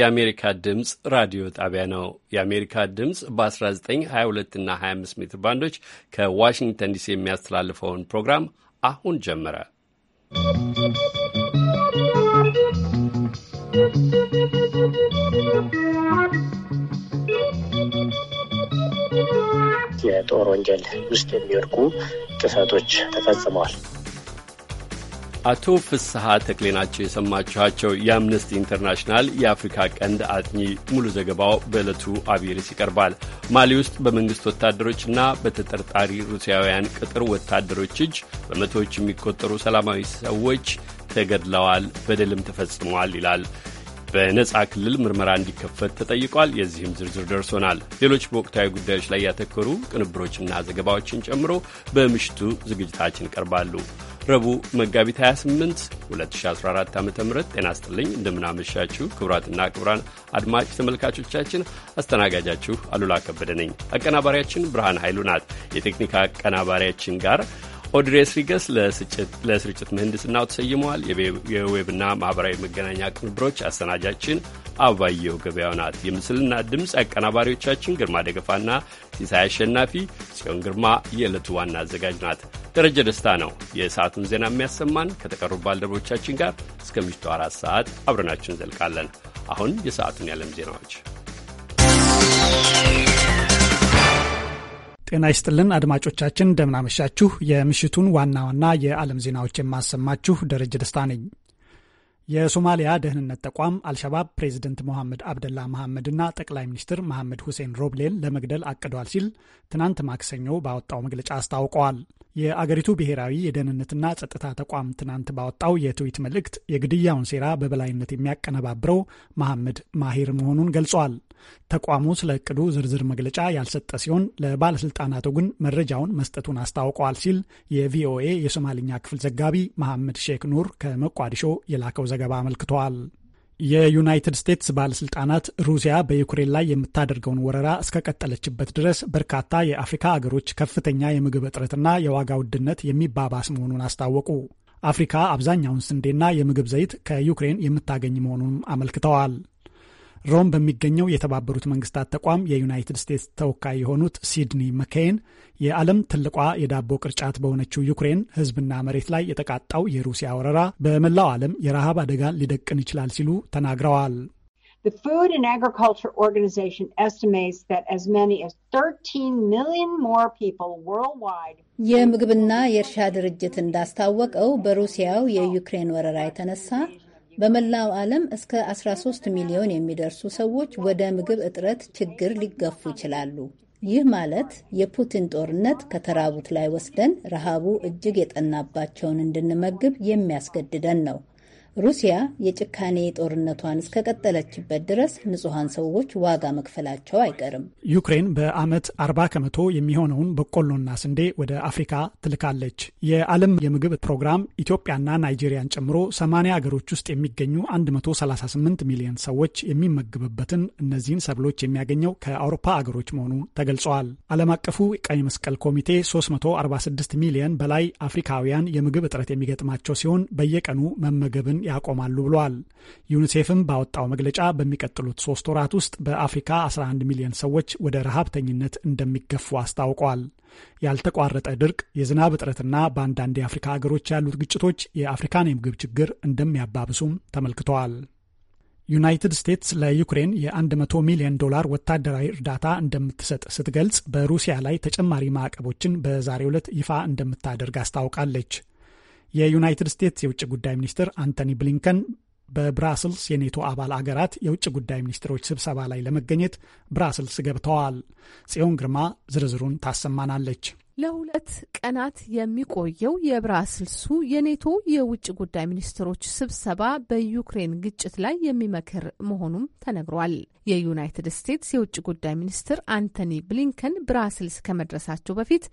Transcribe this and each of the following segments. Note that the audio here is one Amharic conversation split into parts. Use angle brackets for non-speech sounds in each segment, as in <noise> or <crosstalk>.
የአሜሪካ ድምፅ ራዲዮ ጣቢያ ነው። የአሜሪካ ድምፅ በ1922 እና 25 ሜትር ባንዶች ከዋሽንግተን ዲሲ የሚያስተላልፈውን ፕሮግራም አሁን ጀመረ። የጦር ወንጀል ውስጥ የሚወድቁ ጥሰቶች ተፈጽመዋል። አቶ ፍስሐ ተክሌ ናቸው የሰማችኋቸው፣ የአምነስቲ ኢንተርናሽናል የአፍሪካ ቀንድ አጥኚ። ሙሉ ዘገባው በዕለቱ አብርስ ይቀርባል። ማሊ ውስጥ በመንግሥት ወታደሮችና በተጠርጣሪ ሩሲያውያን ቅጥር ወታደሮች እጅ በመቶዎች የሚቆጠሩ ሰላማዊ ሰዎች ተገድለዋል፣ በደልም ተፈጽመዋል ይላል። በነጻ ክልል ምርመራ እንዲከፈት ተጠይቋል። የዚህም ዝርዝር ደርሶናል። ሌሎች በወቅታዊ ጉዳዮች ላይ ያተኮሩ ቅንብሮችና ዘገባዎችን ጨምሮ በምሽቱ ዝግጅታችን ይቀርባሉ። ረቡዕ መጋቢት 28 2014 ዓ ም ጤና ስጥልኝ። እንደምናመሻችሁ ክቡራትና ክቡራን አድማጭ ተመልካቾቻችን አስተናጋጃችሁ አሉላ ከበደ ነኝ። አቀናባሪያችን ብርሃን ኃይሉ ናት። የቴክኒክ አቀናባሪያችን ጋር ኦድሬስ ሪገስ ለስርጭት ምህንድስናው ተሰይመዋል። የዌብና ማኅበራዊ መገናኛ ቅንብሮች አሰናጃችን አባየሁ ገበያው ናት። የምስልና ድምፅ አቀናባሪዎቻችን ግርማ ደገፋና ሲሳይ አሸናፊ፣ ጽዮን ግርማ የዕለቱ ዋና አዘጋጅ ናት። ደረጀ ደስታ ነው የሰዓቱን ዜና የሚያሰማን። ከተቀሩ ባልደረቦቻችን ጋር እስከ ምሽቱ አራት ሰዓት አብረናችሁ እንዘልቃለን። አሁን የሰዓቱን ያለም ዜናዎች ጤና ይስጥልን አድማጮቻችን፣ እንደምናመሻችሁ። የምሽቱን ዋና ዋና የዓለም ዜናዎች የማሰማችሁ ደረጀ ደስታ ነኝ። የሶማሊያ ደህንነት ተቋም አልሸባብ ፕሬዚደንት ሞሐመድ አብደላ መሐመድና ጠቅላይ ሚኒስትር መሐመድ ሁሴን ሮብሌን ለመግደል አቅዷል ሲል ትናንት ማክሰኞ ባወጣው መግለጫ አስታውቀዋል። የአገሪቱ ብሔራዊ የደህንነትና ጸጥታ ተቋም ትናንት ባወጣው የትዊት መልእክት የግድያውን ሴራ በበላይነት የሚያቀነባብረው መሐመድ ማሂር መሆኑን ገልጿል። ተቋሙ ስለ እቅዱ ዝርዝር መግለጫ ያልሰጠ ሲሆን ለባለስልጣናቱ ግን መረጃውን መስጠቱን አስታውቀዋል ሲል የቪኦኤ የሶማልኛ ክፍል ዘጋቢ መሐመድ ሼክ ኑር ከመቋዲሾ የላከው ዘገባ አመልክተዋል። የዩናይትድ ስቴትስ ባለስልጣናት ሩሲያ በዩክሬን ላይ የምታደርገውን ወረራ እስከቀጠለችበት ድረስ በርካታ የአፍሪካ አገሮች ከፍተኛ የምግብ እጥረትና የዋጋ ውድነት የሚባባስ መሆኑን አስታወቁ። አፍሪካ አብዛኛውን ስንዴና የምግብ ዘይት ከዩክሬን የምታገኝ መሆኑንም አመልክተዋል። ሮም በሚገኘው የተባበሩት መንግስታት ተቋም የዩናይትድ ስቴትስ ተወካይ የሆኑት ሲድኒ መኬይን የዓለም ትልቋ የዳቦ ቅርጫት በሆነችው ዩክሬን ሕዝብና መሬት ላይ የተቃጣው የሩሲያ ወረራ በመላው ዓለም የረሃብ አደጋን ሊደቅን ይችላል ሲሉ ተናግረዋል። The Food and Agriculture Organization estimates that as many as 13 million more people worldwide የምግብና የእርሻ ድርጅት እንዳስታወቀው በሩሲያው የዩክሬን ወረራ የተነሳ በመላው ዓለም እስከ 13 ሚሊዮን የሚደርሱ ሰዎች ወደ ምግብ እጥረት ችግር ሊገፉ ይችላሉ። ይህ ማለት የፑቲን ጦርነት ከተራቡት ላይ ወስደን ረሃቡ እጅግ የጠናባቸውን እንድንመግብ የሚያስገድደን ነው። ሩሲያ የጭካኔ ጦርነቷን እስከቀጠለችበት ድረስ ንጹሐን ሰዎች ዋጋ መክፈላቸው አይቀርም። ዩክሬን በዓመት 40 ከመቶ የሚሆነውን በቆሎና ስንዴ ወደ አፍሪካ ትልካለች። የዓለም የምግብ ፕሮግራም ኢትዮጵያና ናይጄሪያን ጨምሮ 80 አገሮች ውስጥ የሚገኙ 138 ሚሊዮን ሰዎች የሚመግብበትን እነዚህን ሰብሎች የሚያገኘው ከአውሮፓ አገሮች መሆኑ ተገልጸዋል። ዓለም አቀፉ ቀይ መስቀል ኮሚቴ 346 ሚሊዮን በላይ አፍሪካውያን የምግብ እጥረት የሚገጥማቸው ሲሆን በየቀኑ መመገብን ያቆማሉ ብለዋል። ዩኒሴፍም ባወጣው መግለጫ በሚቀጥሉት ሶስት ወራት ውስጥ በአፍሪካ 11 ሚሊዮን ሰዎች ወደ ረሃብተኝነት እንደሚገፉ አስታውቋል። ያልተቋረጠ ድርቅ፣ የዝናብ እጥረትና በአንዳንድ የአፍሪካ ሀገሮች ያሉት ግጭቶች የአፍሪካን የምግብ ችግር እንደሚያባብሱም ተመልክተዋል። ዩናይትድ ስቴትስ ለዩክሬን የ100 ሚሊዮን ዶላር ወታደራዊ እርዳታ እንደምትሰጥ ስትገልጽ በሩሲያ ላይ ተጨማሪ ማዕቀቦችን በዛሬው ዕለት ይፋ እንደምታደርግ አስታውቃለች። የዩናይትድ ስቴትስ የውጭ ጉዳይ ሚኒስትር አንቶኒ ብሊንከን በብራስልስ የኔቶ አባል አገራት የውጭ ጉዳይ ሚኒስትሮች ስብሰባ ላይ ለመገኘት ብራስልስ ገብተዋል። ጽዮን ግርማ ዝርዝሩን ታሰማናለች። ለሁለት ቀናት የሚቆየው የብራስልሱ የኔቶ የውጭ ጉዳይ ሚኒስትሮች ስብሰባ በዩክሬን ግጭት ላይ የሚመክር መሆኑም ተነግሯል። የዩናይትድ ስቴትስ የውጭ ጉዳይ ሚኒስትር አንቶኒ ብሊንከን ብራስልስ ከመድረሳቸው በፊት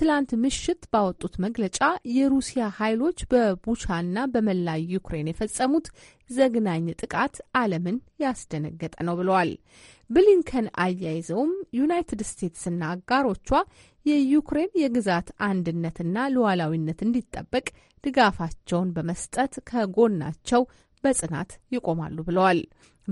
ትላንት ምሽት ባወጡት መግለጫ የሩሲያ ኃይሎች በቡቻና በመላ ዩክሬን የፈጸሙት ዘግናኝ ጥቃት ዓለምን ያስደነገጠ ነው ብለዋል። ብሊንከን አያይዘውም ዩናይትድ ስቴትስና አጋሮቿ የዩክሬን የግዛት አንድነትና ሉዓላዊነት እንዲጠበቅ ድጋፋቸውን በመስጠት ከጎናቸው በጽናት ይቆማሉ ብለዋል።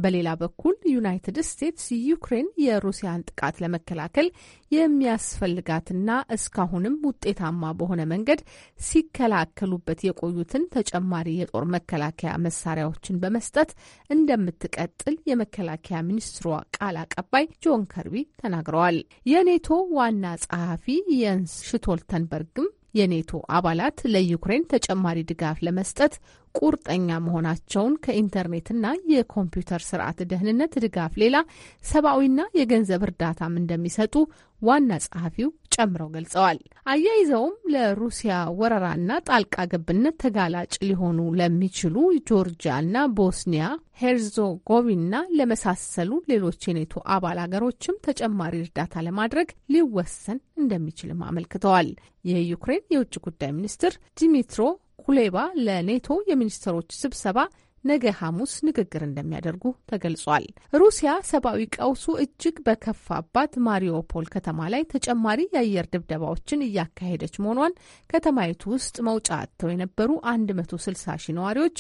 በሌላ በኩል ዩናይትድ ስቴትስ ዩክሬን የሩሲያን ጥቃት ለመከላከል የሚያስፈልጋትና እስካሁንም ውጤታማ በሆነ መንገድ ሲከላከሉበት የቆዩትን ተጨማሪ የጦር መከላከያ መሳሪያዎችን በመስጠት እንደምትቀጥል የመከላከያ ሚኒስትሯ ቃል አቀባይ ጆን ከርቢ ተናግረዋል። የኔቶ ዋና ጸሐፊ የንስ ሽቶልተንበርግም የኔቶ አባላት ለዩክሬን ተጨማሪ ድጋፍ ለመስጠት ቁርጠኛ መሆናቸውን ከኢንተርኔትና የኮምፒውተር ስርዓት ደህንነት ድጋፍ ሌላ ሰብአዊና የገንዘብ እርዳታም እንደሚሰጡ ዋና ጸሐፊው ጨምረው ገልጸዋል። አያይዘውም ለሩሲያ ወረራና ጣልቃ ገብነት ተጋላጭ ሊሆኑ ለሚችሉ ጆርጂያ ቦስኒያ ሄርዞጎቪና ለመሳሰሉ ሌሎች የኔቶ አባል ሀገሮችም ተጨማሪ እርዳታ ለማድረግ ሊወሰን እንደሚችልም አመልክተዋል። የዩክሬን የውጭ ጉዳይ ሚኒስትር ዲሚትሮ ኩሌባ ለኔቶ የሚኒስትሮች ስብሰባ ነገ ሐሙስ ንግግር እንደሚያደርጉ ተገልጿል። ሩሲያ ሰብአዊ ቀውሱ እጅግ በከፋባት ማሪዮፖል ከተማ ላይ ተጨማሪ የአየር ድብደባዎችን እያካሄደች መሆኗን ከተማይቱ ውስጥ መውጫ አጥተው የነበሩ 160 ሺህ ነዋሪዎች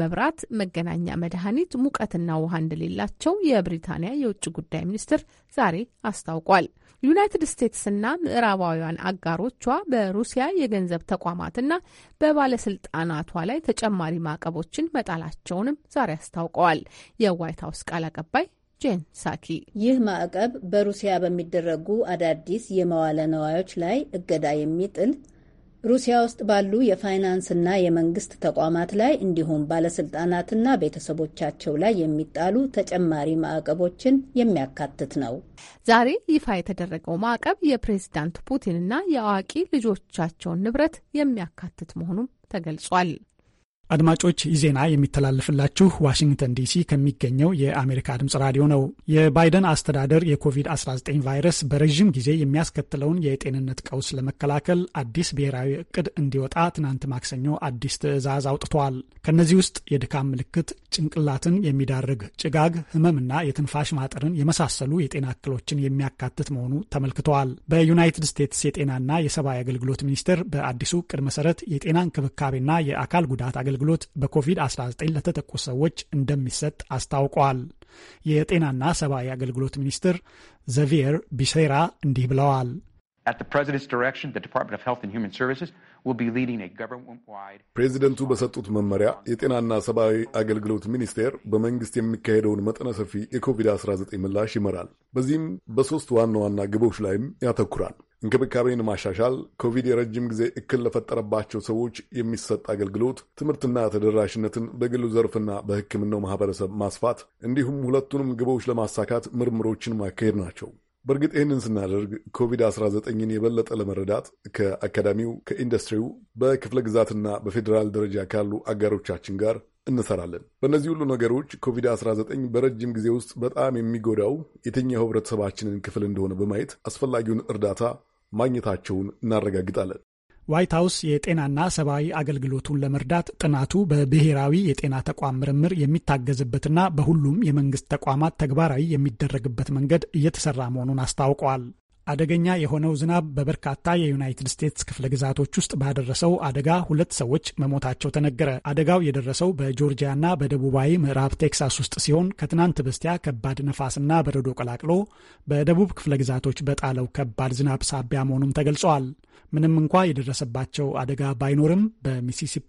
መብራት፣ መገናኛ፣ መድኃኒት፣ ሙቀትና ውሃ እንደሌላቸው የብሪታንያ የውጭ ጉዳይ ሚኒስትር ዛሬ አስታውቋል። ዩናይትድ ስቴትስና ምዕራባውያን አጋሮቿ በሩሲያ የገንዘብ ተቋማትና በባለስልጣናቷ ላይ ተጨማሪ ማዕቀቦችን መጣላቸውንም ዛሬ አስታውቀዋል። የዋይት ሀውስ ቃል አቀባይ ጄን ሳኪ ይህ ማዕቀብ በሩሲያ በሚደረጉ አዳዲስ የመዋለ ነዋዮች ላይ እገዳ የሚጥል ሩሲያ ውስጥ ባሉ የፋይናንስና የመንግስት ተቋማት ላይ እንዲሁም ባለስልጣናትና ቤተሰቦቻቸው ላይ የሚጣሉ ተጨማሪ ማዕቀቦችን የሚያካትት ነው። ዛሬ ይፋ የተደረገው ማዕቀብ የፕሬዚዳንት ፑቲንና የአዋቂ ልጆቻቸውን ንብረት የሚያካትት መሆኑም ተገልጿል። አድማጮች ይህ ዜና የሚተላለፍላችሁ ዋሽንግተን ዲሲ ከሚገኘው የአሜሪካ ድምጽ ራዲዮ ነው። የባይደን አስተዳደር የኮቪድ-19 ቫይረስ በረዥም ጊዜ የሚያስከትለውን የጤንነት ቀውስ ለመከላከል አዲስ ብሔራዊ እቅድ እንዲወጣ ትናንት ማክሰኞ አዲስ ትዕዛዝ አውጥቷል። ከእነዚህ ውስጥ የድካም ምልክት፣ ጭንቅላትን የሚዳርግ ጭጋግ፣ ህመምና የትንፋሽ ማጠርን የመሳሰሉ የጤና እክሎችን የሚያካትት መሆኑ ተመልክተዋል። በዩናይትድ ስቴትስ የጤናና የሰብአዊ አገልግሎት ሚኒስቴር በአዲሱ እቅድ መሰረት የጤና እንክብካቤና የአካል ጉዳት አገልግሎት አገልግሎት በኮቪድ-19 ለተጠቁ ሰዎች እንደሚሰጥ አስታውቋል። የጤናና ሰብአዊ አገልግሎት ሚኒስትር ዘቪየር ቢሴራ እንዲህ ብለዋል። ፕሬዚደንቱ በሰጡት መመሪያ የጤናና ሰብአዊ አገልግሎት ሚኒስቴር በመንግስት የሚካሄደውን መጠነ ሰፊ የኮቪድ-19 ምላሽ ይመራል። በዚህም በሦስት ዋና ዋና ግቦች ላይም ያተኩራል። እንክብካቤን ማሻሻል፣ ኮቪድ የረጅም ጊዜ እክል ለፈጠረባቸው ሰዎች የሚሰጥ አገልግሎት፣ ትምህርትና ተደራሽነትን በግሉ ዘርፍና በሕክምናው ማህበረሰብ ማስፋት እንዲሁም ሁለቱንም ግቦች ለማሳካት ምርምሮችን ማካሄድ ናቸው። በእርግጥ ይህንን ስናደርግ ኮቪድ-19ን የበለጠ ለመረዳት ከአካዳሚው፣ ከኢንዱስትሪው፣ በክፍለ ግዛትና በፌዴራል ደረጃ ካሉ አጋሮቻችን ጋር እንሰራለን። በእነዚህ ሁሉ ነገሮች ኮቪድ-19 በረጅም ጊዜ ውስጥ በጣም የሚጎዳው የትኛው ህብረተሰባችንን ክፍል እንደሆነ በማየት አስፈላጊውን እርዳታ ማግኘታቸውን እናረጋግጣለን። ዋይት ሀውስ የጤናና ሰብአዊ አገልግሎቱን ለመርዳት ጥናቱ በብሔራዊ የጤና ተቋም ምርምር የሚታገዝበትና በሁሉም የመንግስት ተቋማት ተግባራዊ የሚደረግበት መንገድ እየተሰራ መሆኑን አስታውቀዋል። አደገኛ የሆነው ዝናብ በበርካታ የዩናይትድ ስቴትስ ክፍለ ግዛቶች ውስጥ ባደረሰው አደጋ ሁለት ሰዎች መሞታቸው ተነገረ። አደጋው የደረሰው በጆርጂያና በደቡባዊ ምዕራብ ቴክሳስ ውስጥ ሲሆን ከትናንት በስቲያ ከባድ ነፋስና በረዶ ቀላቅሎ በደቡብ ክፍለ ግዛቶች በጣለው ከባድ ዝናብ ሳቢያ መሆኑም ተገልጿል። ምንም እንኳ የደረሰባቸው አደጋ ባይኖርም በሚሲሲፒ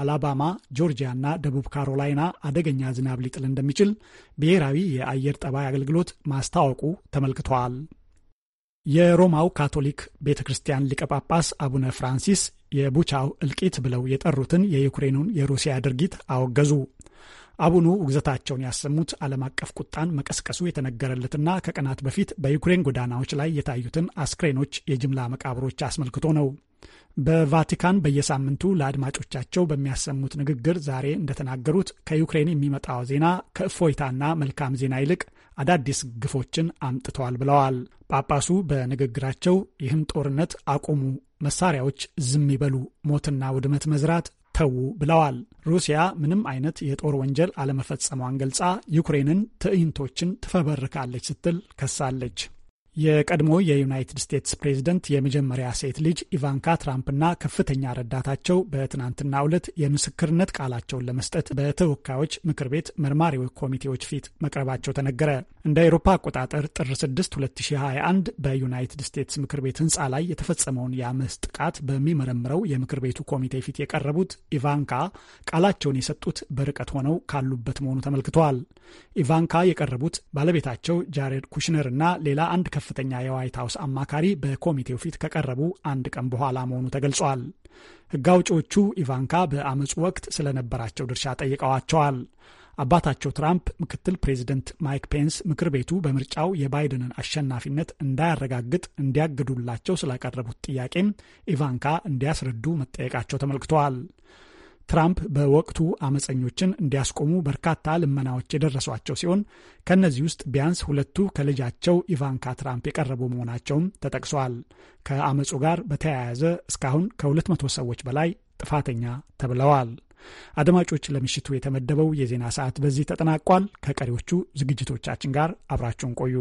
አላባማ፣ ጆርጂያ እና ደቡብ ካሮላይና አደገኛ ዝናብ ሊጥል እንደሚችል ብሔራዊ የአየር ጠባይ አገልግሎት ማስታወቁ ተመልክተዋል። የሮማው ካቶሊክ ቤተ ክርስቲያን ሊቀ ጳጳስ አቡነ ፍራንሲስ የቡቻው እልቂት ብለው የጠሩትን የዩክሬኑን የሩሲያ ድርጊት አወገዙ። አቡኑ ውግዘታቸውን ያሰሙት ዓለም አቀፍ ቁጣን መቀስቀሱ የተነገረለትና ከቀናት በፊት በዩክሬን ጎዳናዎች ላይ የታዩትን አስክሬኖች የጅምላ መቃብሮች አስመልክቶ ነው። በቫቲካን በየሳምንቱ ለአድማጮቻቸው በሚያሰሙት ንግግር ዛሬ እንደተናገሩት ከዩክሬን የሚመጣው ዜና ከእፎይታና መልካም ዜና ይልቅ አዳዲስ ግፎችን አምጥተዋል ብለዋል። ጳጳሱ በንግግራቸው ይህን ጦርነት አቁሙ፣ መሳሪያዎች ዝም ይበሉ፣ ሞትና ውድመት መዝራት ተዉ ብለዋል። ሩሲያ ምንም አይነት የጦር ወንጀል አለመፈጸሟን ገልጻ ዩክሬንን ትዕይንቶችን ትፈበርካለች ስትል ከሳለች። የቀድሞ የዩናይትድ ስቴትስ ፕሬዝደንት የመጀመሪያ ሴት ልጅ ኢቫንካ ትራምፕና ከፍተኛ ረዳታቸው በትናንትናው ዕለት የምስክርነት ቃላቸውን ለመስጠት በተወካዮች ምክር ቤት መርማሪዎች ኮሚቴዎች ፊት መቅረባቸው ተነገረ። እንደ አውሮፓ አቆጣጠር ጥር 6 2021 በዩናይትድ ስቴትስ ምክር ቤት ህንፃ ላይ የተፈጸመውን የአመፅ ጥቃት በሚመረምረው የምክር ቤቱ ኮሚቴ ፊት የቀረቡት ኢቫንካ ቃላቸውን የሰጡት በርቀት ሆነው ካሉበት መሆኑ ተመልክተዋል። ኢቫንካ የቀረቡት ባለቤታቸው ጃሬድ ኩሽነር እና ሌላ አንድ ከፍተኛ የዋይት ሀውስ አማካሪ በኮሚቴው ፊት ከቀረቡ አንድ ቀን በኋላ መሆኑ ተገልጿል። ህግ አውጪዎቹ ኢቫንካ በአመፁ ወቅት ስለነበራቸው ድርሻ ጠይቀዋቸዋል። አባታቸው ትራምፕ ምክትል ፕሬዚደንት ማይክ ፔንስ ምክር ቤቱ በምርጫው የባይደንን አሸናፊነት እንዳያረጋግጥ እንዲያግዱላቸው ስላቀረቡት ጥያቄም ኢቫንካ እንዲያስረዱ መጠየቃቸው ተመልክተዋል። ትራምፕ በወቅቱ አመፀኞችን እንዲያስቆሙ በርካታ ልመናዎች የደረሷቸው ሲሆን ከእነዚህ ውስጥ ቢያንስ ሁለቱ ከልጃቸው ኢቫንካ ትራምፕ የቀረቡ መሆናቸውም ተጠቅሷል። ከአመፁ ጋር በተያያዘ እስካሁን ከ200 ሰዎች በላይ ጥፋተኛ ተብለዋል። አድማጮች፣ ለምሽቱ የተመደበው የዜና ሰዓት በዚህ ተጠናቋል። ከቀሪዎቹ ዝግጅቶቻችን ጋር አብራችሁን ቆዩ።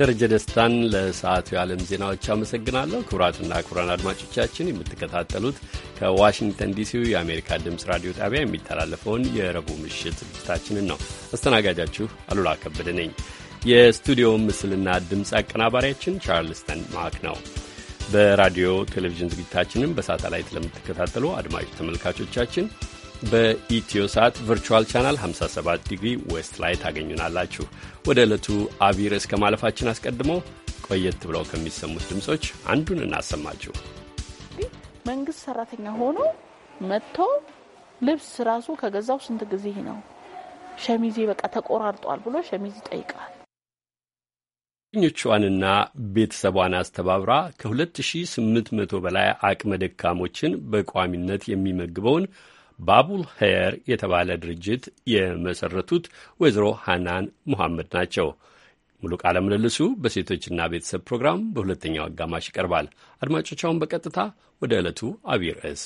ደረጀ ደስታን ለሰዓቱ የዓለም ዜናዎች አመሰግናለሁ። ክቡራትና ክቡራን አድማጮቻችን የምትከታተሉት ከዋሽንግተን ዲሲው የአሜሪካ ድምፅ ራዲዮ ጣቢያ የሚተላለፈውን የረቡዕ ምሽት ዝግጅታችንን ነው። አስተናጋጃችሁ አሉላ ከበደ ነኝ። የስቱዲዮ ምስልና ድምፅ አቀናባሪያችን ቻርልስተን ማክ ነው። በራዲዮ ቴሌቪዥን ዝግጅታችንም በሳተላይት ለምትከታተሉ አድማጭ ተመልካቾቻችን በኢትዮ ሳት ቨርቹዋል ቻናል 57 ዲግሪ ዌስት ላይ ታገኙናላችሁ። ወደ ዕለቱ አቢር እስከ ማለፋችን አስቀድሞ ቆየት ብለው ከሚሰሙት ድምፆች አንዱን እናሰማችሁ። መንግስት ሰራተኛ ሆኖ መጥቶ ልብስ ራሱ ከገዛው ስንት ጊዜ ነው? ሸሚዜ በቃ ተቆራርጧል ብሎ ሸሚዝ ይጠይቃል። ኞቿንና ቤተሰቧን አስተባብራ ከ2800 በላይ አቅመ ደካሞችን በቋሚነት የሚመግበውን ባቡል ኸየር የተባለ ድርጅት የመሰረቱት ወይዘሮ ሃናን ሙሐመድ ናቸው። ሙሉ ቃለ ምልልሱ በሴቶችና ቤተሰብ ፕሮግራም በሁለተኛው አጋማሽ ይቀርባል። አድማጮቻውን በቀጥታ ወደ ዕለቱ አብይ ርዕስ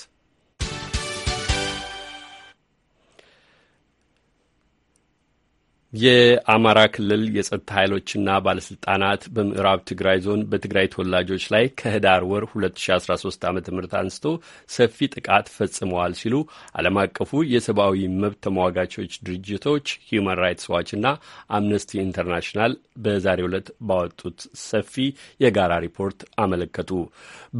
የአማራ ክልል የጸጥታ ኃይሎችና ባለስልጣናት በምዕራብ ትግራይ ዞን በትግራይ ተወላጆች ላይ ከህዳር ወር 2013 ዓ ም አንስቶ ሰፊ ጥቃት ፈጽመዋል ሲሉ ዓለም አቀፉ የሰብአዊ መብት ተሟጋቾች ድርጅቶች ሂዩማን ራይትስ ዋችና አምነስቲ ኢንተርናሽናል በዛሬው ዕለት ባወጡት ሰፊ የጋራ ሪፖርት አመለከቱ።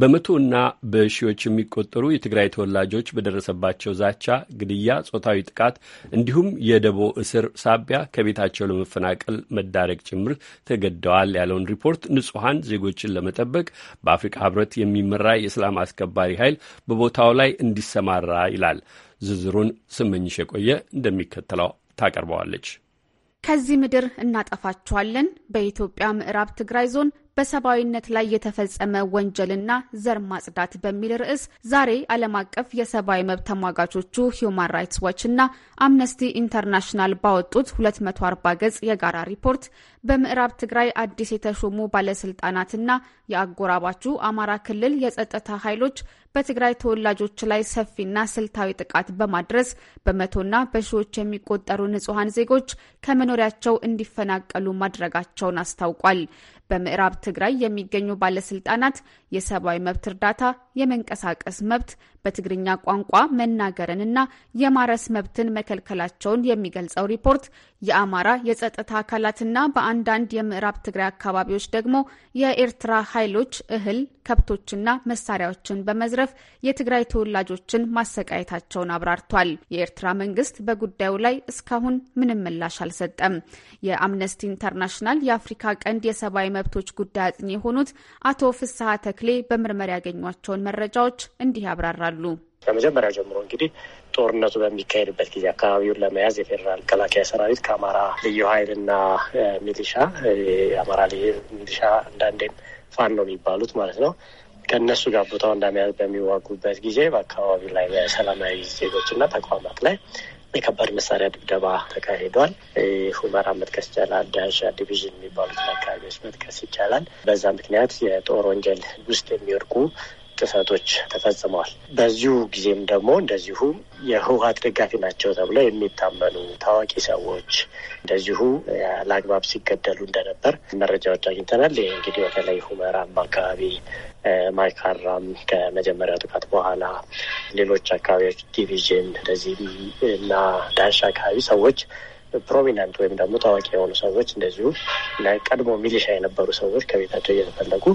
በመቶና በሺዎች የሚቆጠሩ የትግራይ ተወላጆች በደረሰባቸው ዛቻ፣ ግድያ፣ ጾታዊ ጥቃት እንዲሁም የደቦ እስር ሳቢያ ከቤታቸው ለመፈናቀል መዳረግ ጭምር ተገደዋል ያለውን ሪፖርት ንጹሐን ዜጎችን ለመጠበቅ በአፍሪካ ህብረት የሚመራ የሰላም አስከባሪ ኃይል በቦታው ላይ እንዲሰማራ ይላል። ዝርዝሩን ስመኝሽ የቆየ እንደሚከተለው ታቀርበዋለች። ከዚህ ምድር እናጠፋቸዋለን። በኢትዮጵያ ምዕራብ ትግራይ ዞን በሰብአዊነት ላይ የተፈጸመ ወንጀልና ዘር ማጽዳት በሚል ርዕስ ዛሬ ዓለም አቀፍ የሰብአዊ መብት ተሟጋቾቹ ሂዩማን ራይትስ ዋች እና አምነስቲ ኢንተርናሽናል ባወጡት 240 ገጽ የጋራ ሪፖርት በምዕራብ ትግራይ አዲስ የተሾሙ ባለስልጣናትና የአጎራባቹ አማራ ክልል የጸጥታ ኃይሎች በትግራይ ተወላጆች ላይ ሰፊና ስልታዊ ጥቃት በማድረስ በመቶና በሺዎች የሚቆጠሩ ንጹሐን ዜጎች ከመኖሪያቸው እንዲፈናቀሉ ማድረጋቸውን አስታውቋል። በምዕራብ ትግራይ የሚገኙ ባለስልጣናት የሰብአዊ መብት እርዳታ የመንቀሳቀስ መብት፣ በትግርኛ ቋንቋ መናገርንና የማረስ መብትን መከልከላቸውን የሚገልጸው ሪፖርት የአማራ የጸጥታ አካላትና በአንዳንድ የምዕራብ ትግራይ አካባቢዎች ደግሞ የኤርትራ ኃይሎች እህል፣ ከብቶችና መሳሪያዎችን በመዝረፍ የትግራይ ተወላጆችን ማሰቃየታቸውን አብራርቷል። የኤርትራ መንግስት በጉዳዩ ላይ እስካሁን ምንም ምላሽ አልሰጠም። የአምነስቲ ኢንተርናሽናል የአፍሪካ ቀንድ የሰብአዊ መብቶች ጉዳይ አጥኚ የሆኑት አቶ ፍስሐ ተክሌ በምርመራ ያገኟቸውን መረጃዎች እንዲህ ያብራራሉ። ከመጀመሪያ ጀምሮ እንግዲህ ጦርነቱ በሚካሄድበት ጊዜ አካባቢውን ለመያዝ የፌዴራል መከላከያ ሰራዊት ከአማራ ልዩ ኃይልና ሚሊሻ የአማራ ልዩ ሚሊሻ አንዳንዴም ፋን ነው የሚባሉት ማለት ነው ከእነሱ ጋር ቦታው እንዳመያዝ በሚዋጉበት ጊዜ በአካባቢው ላይ በሰላማዊ ዜጎችና ተቋማት ላይ የከባድ መሳሪያ ድብደባ ተካሂዷል። ሁመራ መጥቀስ ይቻላል። ዳሻ ዲቪዥን የሚባሉት አካባቢዎች መጥቀስ ይቻላል። በዛ ምክንያት የጦር ወንጀል ውስጥ የሚወድቁ ጥሰቶች ተፈጽመዋል። በዚሁ ጊዜም ደግሞ እንደዚሁ የህወሀት ደጋፊ ናቸው ተብለው የሚታመኑ ታዋቂ ሰዎች እንደዚሁ ለአግባብ ሲገደሉ እንደነበር መረጃዎች አግኝተናል። እንግዲህ በተለይ ሁመራም አካባቢ ማይካራም ከመጀመሪያው ጥቃት በኋላ ሌሎች አካባቢዎች ዲቪዥን እንደዚህ እና ዳንሻ አካባቢ ሰዎች ፕሮሚነንት ወይም ደግሞ ታዋቂ የሆኑ ሰዎች እንደዚሁ ለቀድሞ ሚሊሻ የነበሩ ሰዎች ከቤታቸው እየተፈለጉ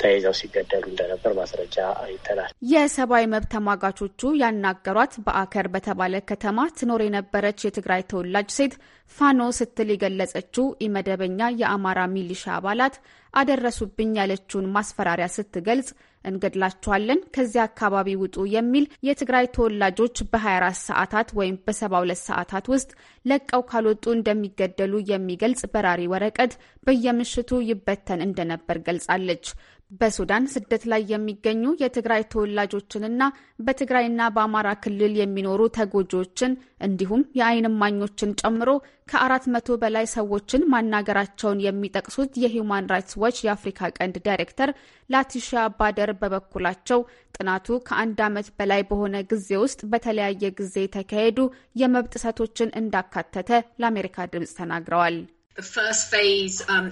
ተይዘው ሲገደሉ እንደነበር ማስረጃ አይተናል። የሰብአዊ መብት ተሟጋቾቹ ያናገሯት በአከር በተባለ ከተማ ትኖር የነበረች የትግራይ ተወላጅ ሴት ፋኖ ስትል የገለጸችው ኢመደበኛ የአማራ ሚሊሻ አባላት አደረሱብኝ ያለችውን ማስፈራሪያ ስትገልጽ እንገድላችኋለን፣ ከዚያ አካባቢ ውጡ የሚል የትግራይ ተወላጆች በ24 ሰዓታት ወይም በ72 ሰዓታት ውስጥ ለቀው ካልወጡ እንደሚገደሉ የሚገልጽ በራሪ ወረቀት በየምሽቱ ይበተን እንደነበር ገልጻለች። በሱዳን ስደት ላይ የሚገኙ የትግራይ ተወላጆችንና በትግራይና በአማራ ክልል የሚኖሩ ተጎጂዎችን እንዲሁም የአይን እማኞችን ጨምሮ ከአራት መቶ በላይ ሰዎችን ማናገራቸውን የሚጠቅሱት የሂውማን ራይትስ ዎች የአፍሪካ ቀንድ ዳይሬክተር ላቲሻ ባደር በበኩላቸው ጥናቱ ከአንድ ዓመት በላይ በሆነ ጊዜ ውስጥ በተለያየ ጊዜ የተካሄዱ የመብት ጥሰቶችን እንዳካተተ ለአሜሪካ ድምፅ ተናግረዋል። Um,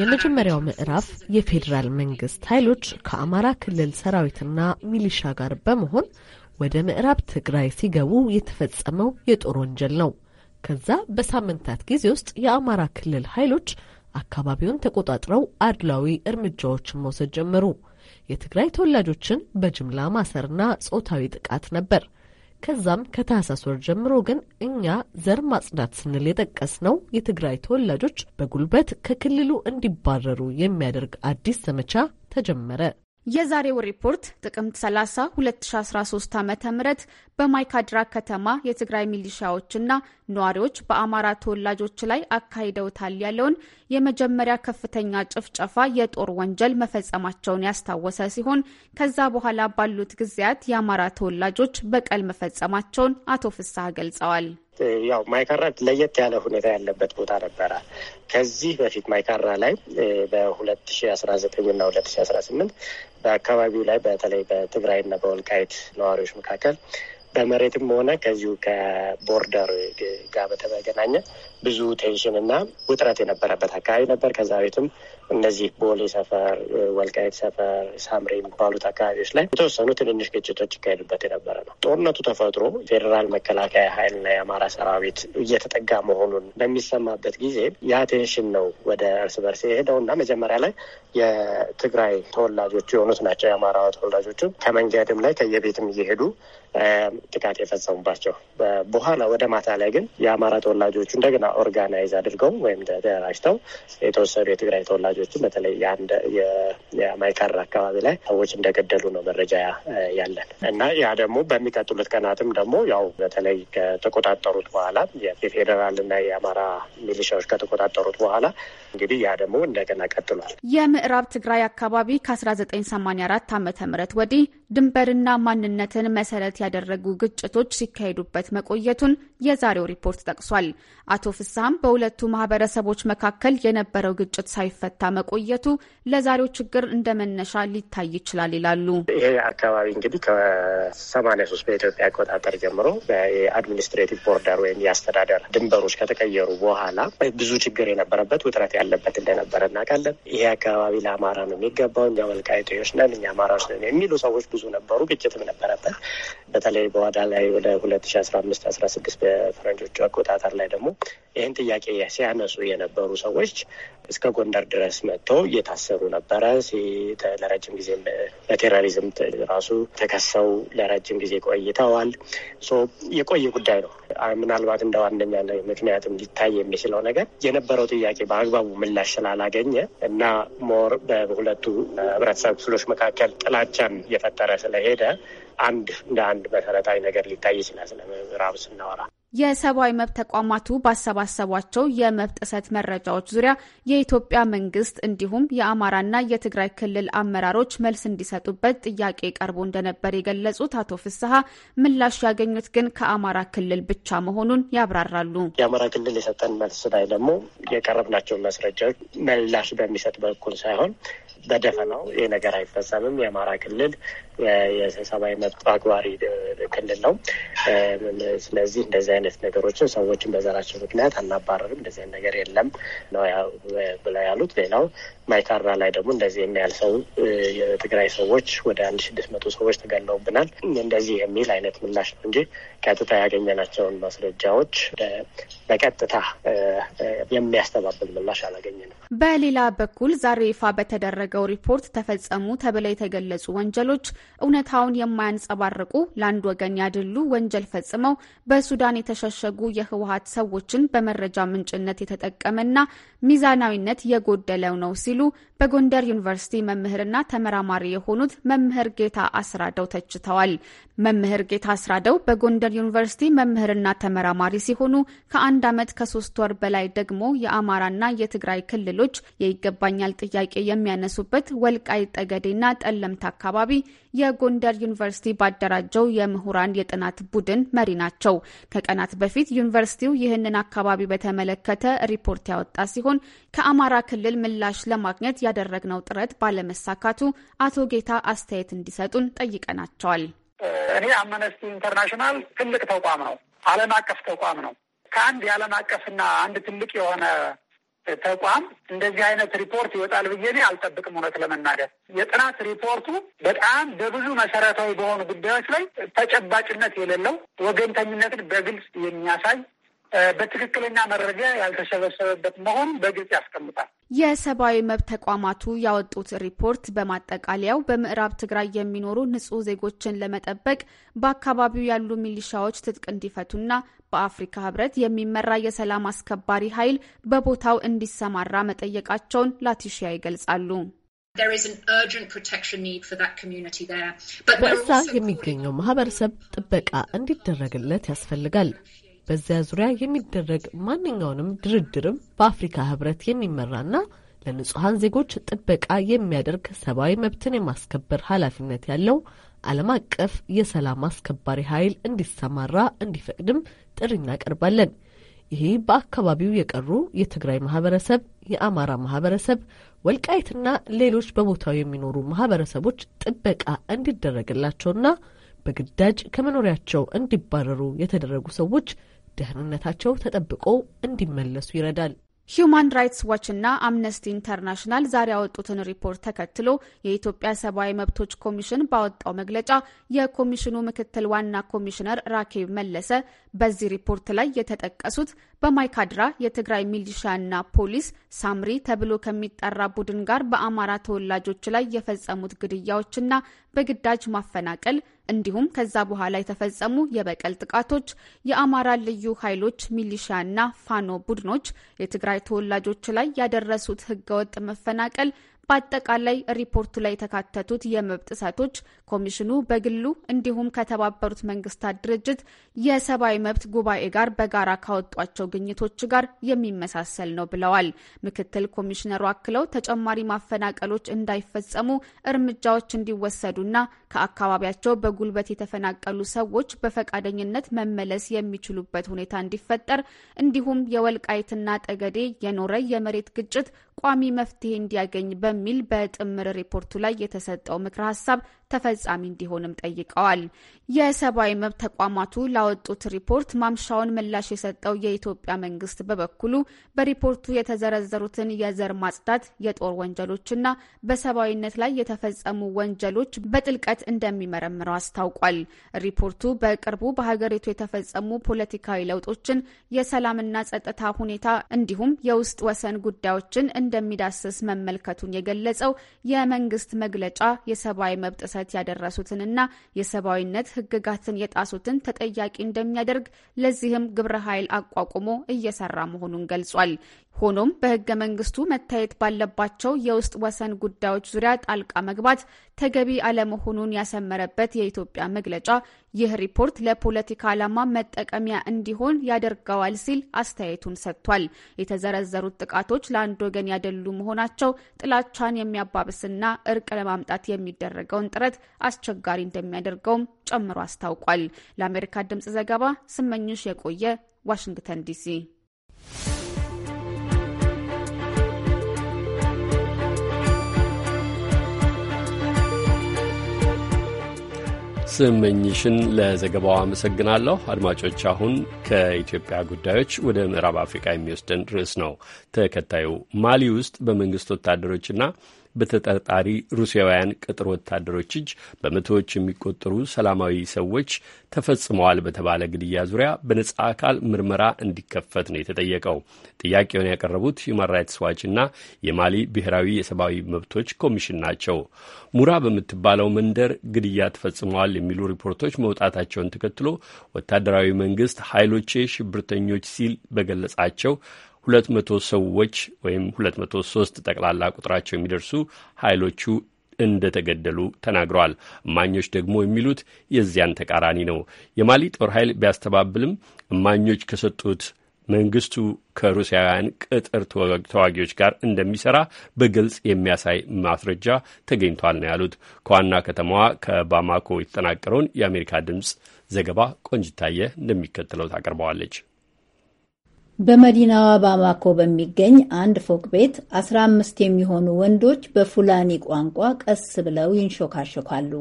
የመጀመሪያው ምዕራፍ የፌዴራል መንግስት ኃይሎች ከአማራ ክልል ሰራዊትና ሚሊሻ ጋር በመሆን ወደ ምዕራብ ትግራይ ሲገቡ የተፈጸመው የጦር ወንጀል ነው። ከዛ በሳምንታት ጊዜ ውስጥ የአማራ ክልል ኃይሎች አካባቢውን ተቆጣጥረው አድላዊ እርምጃዎችን መውሰድ ጀመሩ። የትግራይ ተወላጆችን በጅምላ ማሰርና ጾታዊ ጥቃት ነበር። ከዛም ከታህሳስ ወር ጀምሮ ግን እኛ ዘር ማጽዳት ስንል የጠቀስ ነው። የትግራይ ተወላጆች በጉልበት ከክልሉ እንዲባረሩ የሚያደርግ አዲስ ዘመቻ ተጀመረ። የዛሬው ሪፖርት ጥቅምት 30 2013 ዓ ም በማይካድራ ከተማ የትግራይ ሚሊሻዎችና ነዋሪዎች በአማራ ተወላጆች ላይ አካሂደውታል ያለውን የመጀመሪያ ከፍተኛ ጭፍጨፋ የጦር ወንጀል መፈጸማቸውን ያስታወሰ ሲሆን ከዛ በኋላ ባሉት ጊዜያት የአማራ ተወላጆች በቀል መፈጸማቸውን አቶ ፍስሐ ገልጸዋል። ያው ማይካራ ለየት ያለ ሁኔታ ያለበት ቦታ ነበረ። ከዚህ በፊት ማይካራ ላይ በሁለት ሺ አስራ ዘጠኝ ና ሁለት ሺ አስራ ስምንት በአካባቢው ላይ በተለይ በትግራይ ና በወልቃይት ነዋሪዎች መካከል በመሬትም ሆነ ከዚሁ ከቦርደር ጋር በተገናኘ ብዙ ቴንሽን እና ውጥረት የነበረበት አካባቢ ነበር። ከዛ ቤትም እነዚህ ቦሌ ሰፈር፣ ወልቃይት ሰፈር፣ ሳምሬ የሚባሉት አካባቢዎች ላይ የተወሰኑ ትንንሽ ግጭቶች ይካሄዱበት የነበረ ነው። ጦርነቱ ተፈጥሮ ፌዴራል መከላከያ ኃይልና የአማራ ሰራዊት እየተጠጋ መሆኑን በሚሰማበት ጊዜ የአቴንሽን ነው ወደ እርስ በርስ የሄደው እና መጀመሪያ ላይ የትግራይ ተወላጆች የሆኑት ናቸው የአማራ ተወላጆቹ ከመንገድም ላይ ከየቤትም እየሄዱ ጥቃት የፈጸሙባቸው። በኋላ ወደ ማታ ላይ ግን የአማራ ተወላጆቹ እንደገና ኦርጋናይዝ አድርገው ወይም ተደራጅተው የተወሰኑ የትግራይ ተወላጆችን በተለይ የአንድ የማይካራ አካባቢ ላይ ሰዎች እንደገደሉ ነው መረጃ ያለን እና ያ ደግሞ በሚቀጥሉት ቀናትም ደግሞ ያው በተለይ ከተቆጣጠሩት በኋላ የፌዴራል እና የአማራ ሚሊሻዎች ከተቆጣጠሩት በኋላ እንግዲህ ያ ደግሞ እንደገና ቀጥሏል። የምዕራብ ትግራይ አካባቢ ከ1984 ዓ ም ወዲህ ድንበርና ማንነትን መሰረት ያደረጉ ግጭቶች ሲካሄዱበት መቆየቱን የዛሬው ሪፖርት ጠቅሷል። አቶ ፍስሐም በሁለቱ ማህበረሰቦች መካከል የነበረው ግጭት ሳይፈታ መቆየቱ ለዛሬው ችግር እንደ መነሻ ሊታይ ይችላል ይላሉ። ይሄ አካባቢ እንግዲህ ከሰማንያ ሶስት በኢትዮጵያ አቆጣጠር ጀምሮ የአድሚኒስትሬቲቭ ቦርደር ወይም የአስተዳደር ድንበሮች ከተቀየሩ በኋላ ብዙ ችግር የነበረበት ውጥረት ያለበት እንደነበረ እናውቃለን። ይሄ አካባቢ ለአማራ ነው የሚገባው፣ እኛ ወልቃይቶች ነን፣ እኛ አማራዎች ነን የሚሉ ሰዎች ብዙ ነበሩ። ግጭትም ነበረበት። በተለይ በዋዳ ላይ ወደ ሁለት ሺ አስራ አምስት አስራ ስድስት በፈረንጆቹ አቆጣጠር ላይ ደግሞ ይህን ጥያቄ ሲያነሱ የነበሩ ሰዎች እስከ ጎንደር ድረስ መጥተው እየታሰሩ ነበረ። ለረጅም ጊዜ በቴሮሪዝም ራሱ ተከሰው ለረጅም ጊዜ ቆይተዋል። የቆየ ጉዳይ ነው። ምናልባት እንደ ዋነኛ ምክንያትም ሊታይ የሚችለው ነገር የነበረው ጥያቄ በአግባቡ ምላሽ ስላላገኘ እና ሞር በሁለቱ ህብረተሰብ ክፍሎች መካከል ጥላቻን እየፈጠረ ስለሄደ አንድ እንደ አንድ መሰረታዊ ነገር ሊታይ ይችላል። ስለ ምዕራብ ስናወራ የሰብአዊ መብት ተቋማቱ ባሰባሰቧቸው የመብት ጥሰት መረጃዎች ዙሪያ የኢትዮጵያ መንግስት እንዲሁም የአማራና የትግራይ ክልል አመራሮች መልስ እንዲሰጡበት ጥያቄ ቀርቦ እንደነበር የገለጹት አቶ ፍስሀ ምላሽ ያገኙት ግን ከአማራ ክልል ብቻ መሆኑን ያብራራሉ። የአማራ ክልል የሰጠን መልስ ላይ ደግሞ የቀረብናቸው ማስረጃዎች ምላሽ በሚሰጥ በኩል ሳይሆን በደፈናው ይህ ነገር አይፈጸምም፣ የአማራ ክልል የሰብአዊ መብት አግባሪ ክልል ነው። ስለዚህ እንደዚህ አይነት ነገሮችን ሰዎችን በዘራቸው ምክንያት አናባረርም፣ እንደዚህ አይነት ነገር የለም ነው ብለው ያሉት። ሌላው ማይታራ ላይ ደግሞ እንደዚህ የሚያል ሰው የትግራይ ሰዎች ወደ አንድ ስድስት መቶ ሰዎች ተገለውብናል እንደዚህ የሚል አይነት ምላሽ ነው እንጂ ቀጥታ ያገኘናቸውን ማስረጃዎች በቀጥታ የሚያስተባብል ምላሽ አላገኘንም። በሌላ በኩል ዛሬ ይፋ በተደረገው ሪፖርት ተፈጸሙ ተብለው የተገለጹ ወንጀሎች እውነታውን የማያንጸባርቁ ለአንድ ወገን ያድሉ ወንጀል ፈጽመው በሱዳን የተሸሸጉ የህወሀት ሰዎችን በመረጃ ምንጭነት የተጠቀመና ሚዛናዊነት የጎደለው ነው ሲሉ በጎንደር ዩኒቨርሲቲ መምህርና ተመራማሪ የሆኑት መምህር ጌታ አስራደው ተችተዋል። መምህር ጌታ አስራደው በጎንደር ዩኒቨርሲቲ መምህርና ተመራማሪ ሲሆኑ ከአንድ ዓመት ከሶስት ወር በላይ ደግሞ የአማራና የትግራይ ክልሎች የይገባኛል ጥያቄ የሚያነሱበት ወልቃይ ጠገዴና ጠለምት አካባቢ የጎንደር ዩኒቨርሲቲ ባደራጀው የምሁራን የጥናት ቡድን መሪ ናቸው። ከቀናት በፊት ዩኒቨርሲቲው ይህንን አካባቢ በተመለከተ ሪፖርት ያወጣ ሲሆን ከአማራ ክልል ምላሽ ለማግኘት ያደረግነው ጥረት ባለመሳካቱ አቶ ጌታ አስተያየት እንዲሰጡን ጠይቀናቸዋል። እኔ አምነስቲ ኢንተርናሽናል ትልቅ ተቋም ነው። ዓለም አቀፍ ተቋም ነው። ከአንድ የዓለም አቀፍና አንድ ትልቅ የሆነ ተቋም እንደዚህ አይነት ሪፖርት ይወጣል ብዬ እኔ አልጠብቅም። እውነት ለመናገር የጥናት ሪፖርቱ በጣም በብዙ መሰረታዊ በሆኑ ጉዳዮች ላይ ተጨባጭነት የሌለው ወገንተኝነትን በግልጽ የሚያሳይ በትክክለኛ መረጃ ያልተሰበሰበበት መሆን በግልጽ ያስቀምጣል። የሰብአዊ መብት ተቋማቱ ያወጡት ሪፖርት በማጠቃለያው በምዕራብ ትግራይ የሚኖሩ ንጹህ ዜጎችን ለመጠበቅ በአካባቢው ያሉ ሚሊሻዎች ትጥቅ እንዲፈቱና በአፍሪካ ህብረት የሚመራ የሰላም አስከባሪ ኃይል በቦታው እንዲሰማራ መጠየቃቸውን ላቲሺያ ይገልጻሉ። በእዛ የሚገኘው ማህበረሰብ ጥበቃ እንዲደረግለት ያስፈልጋል። በዚያ ዙሪያ የሚደረግ ማንኛውንም ድርድርም በአፍሪካ ህብረት የሚመራና ለንጹሐን ዜጎች ጥበቃ የሚያደርግ ሰብአዊ መብትን የማስከበር ኃላፊነት ያለው ዓለም አቀፍ የሰላም አስከባሪ ኃይል እንዲሰማራ እንዲፈቅድም ጥሪ እናቀርባለን። ይህ በአካባቢው የቀሩ የትግራይ ማህበረሰብ፣ የአማራ ማህበረሰብ፣ ወልቃይትና ሌሎች በቦታው የሚኖሩ ማህበረሰቦች ጥበቃ እንዲደረግላቸውና በግዳጅ ከመኖሪያቸው እንዲባረሩ የተደረጉ ሰዎች ደህንነታቸው ተጠብቆ እንዲመለሱ ይረዳል። ሂዩማን ራይትስ ዋች እና አምነስቲ ኢንተርናሽናል ዛሬ ያወጡትን ሪፖርት ተከትሎ የኢትዮጵያ ሰብአዊ መብቶች ኮሚሽን ባወጣው መግለጫ የኮሚሽኑ ምክትል ዋና ኮሚሽነር ራኬብ መለሰ በዚህ ሪፖርት ላይ የተጠቀሱት በማይካድራ የትግራይ ሚሊሻና ፖሊስ ሳምሪ ተብሎ ከሚጠራ ቡድን ጋር በአማራ ተወላጆች ላይ የፈጸሙት ግድያዎችና በግዳጅ ማፈናቀል እንዲሁም ከዛ በኋላ የተፈጸሙ የበቀል ጥቃቶች የአማራ ልዩ ኃይሎች ሚሊሺያና ፋኖ ቡድኖች የትግራይ ተወላጆች ላይ ያደረሱት ህገወጥ መፈናቀል በአጠቃላይ ሪፖርቱ ላይ የተካተቱት የመብት ጥሰቶች ኮሚሽኑ በግሉ እንዲሁም ከተባበሩት መንግስታት ድርጅት የሰብአዊ መብት ጉባኤ ጋር በጋራ ካወጧቸው ግኝቶች ጋር የሚመሳሰል ነው ብለዋል። ምክትል ኮሚሽነሩ አክለው ተጨማሪ ማፈናቀሎች እንዳይፈጸሙ እርምጃዎች እንዲወሰዱና ከአካባቢያቸው በጉልበት የተፈናቀሉ ሰዎች በፈቃደኝነት መመለስ የሚችሉበት ሁኔታ እንዲፈጠር እንዲሁም የወልቃይትና ጠገዴ የኖረ የመሬት ግጭት ቋሚ መፍትሄ እንዲያገኝ በሚል በጥምር ሪፖርቱ ላይ የተሰጠው ምክረ ሀሳብ ተፈጻሚ እንዲሆንም ጠይቀዋል። የሰብአዊ መብት ተቋማቱ ላወጡት ሪፖርት ማምሻውን ምላሽ የሰጠው የኢትዮጵያ መንግስት በበኩሉ በሪፖርቱ የተዘረዘሩትን የዘር ማጽዳት፣ የጦር ወንጀሎችና በሰብአዊነት ላይ የተፈጸሙ ወንጀሎች በጥልቀት እንደሚመረምረው አስታውቋል። ሪፖርቱ በቅርቡ በሀገሪቱ የተፈጸሙ ፖለቲካዊ ለውጦችን፣ የሰላምና ጸጥታ ሁኔታ እንዲሁም የውስጥ ወሰን ጉዳዮችን እንደሚዳስስ መመልከቱን የገለጸው የመንግስት መግለጫ የሰብአዊ መብት ጥሰት ያደረሱትንና የሰብአዊነት ህግጋትን የጣሱትን ተጠያቂ እንደሚያደርግ ለዚህም ግብረ ኃይል አቋቁሞ እየሰራ መሆኑን ገልጿል። ሆኖም በህገ መንግስቱ መታየት ባለባቸው የውስጥ ወሰን ጉዳዮች ዙሪያ ጣልቃ መግባት ተገቢ አለመሆኑን ያሰመረበት የኢትዮጵያ መግለጫ ይህ ሪፖርት ለፖለቲካ ዓላማ መጠቀሚያ እንዲሆን ያደርገዋል ሲል አስተያየቱን ሰጥቷል። የተዘረዘሩት ጥቃቶች ለአንድ ወገን ያደሉ መሆናቸው ጥላቻን የሚያባብስና እርቅ ለማምጣት የሚደረገውን ጥረት አስቸጋሪ እንደሚያደርገውም ጨምሮ አስታውቋል። ለአሜሪካ ድምጽ ዘገባ ስመኝሽ የቆየ ዋሽንግተን ዲሲ ስመኝሽን ለዘገባው አመሰግናለሁ። አድማጮች፣ አሁን ከኢትዮጵያ ጉዳዮች ወደ ምዕራብ አፍሪካ የሚወስደን ርዕስ ነው ተከታዩ። ማሊ ውስጥ በመንግስት ወታደሮችና በተጠርጣሪ ሩሲያውያን ቅጥር ወታደሮች እጅ በመቶዎች የሚቆጠሩ ሰላማዊ ሰዎች ተፈጽመዋል በተባለ ግድያ ዙሪያ በነጻ አካል ምርመራ እንዲከፈት ነው የተጠየቀው። ጥያቄውን ያቀረቡት ሂውማን ራይትስ ዋች እና የማሊ ብሔራዊ የሰብአዊ መብቶች ኮሚሽን ናቸው። ሙራ በምትባለው መንደር ግድያ ተፈጽመዋል የሚሉ ሪፖርቶች መውጣታቸውን ተከትሎ ወታደራዊ መንግስት ኃይሎቼ ሽብርተኞች ሲል በገለጻቸው ሁለት መቶ ሰዎች ወይም ሁለት መቶ ሶስት ጠቅላላ ቁጥራቸው የሚደርሱ ኃይሎቹ እንደተገደሉ ተናግረዋል። እማኞች ደግሞ የሚሉት የዚያን ተቃራኒ ነው። የማሊ ጦር ኃይል ቢያስተባብልም እማኞች ከሰጡት መንግስቱ ከሩሲያውያን ቅጥር ተዋጊዎች ጋር እንደሚሰራ በግልጽ የሚያሳይ ማስረጃ ተገኝቷል ነው ያሉት። ከዋና ከተማዋ ከባማኮ የተጠናቀረውን የአሜሪካ ድምፅ ዘገባ ቆንጅታየ እንደሚከተለው ታቀርበዋለች። በመዲናዋ ባማኮ በሚገኝ አንድ ፎቅ ቤት 15 የሚሆኑ ወንዶች በፉላኒ ቋንቋ ቀስ ብለው ይንሾካሽኳሉ።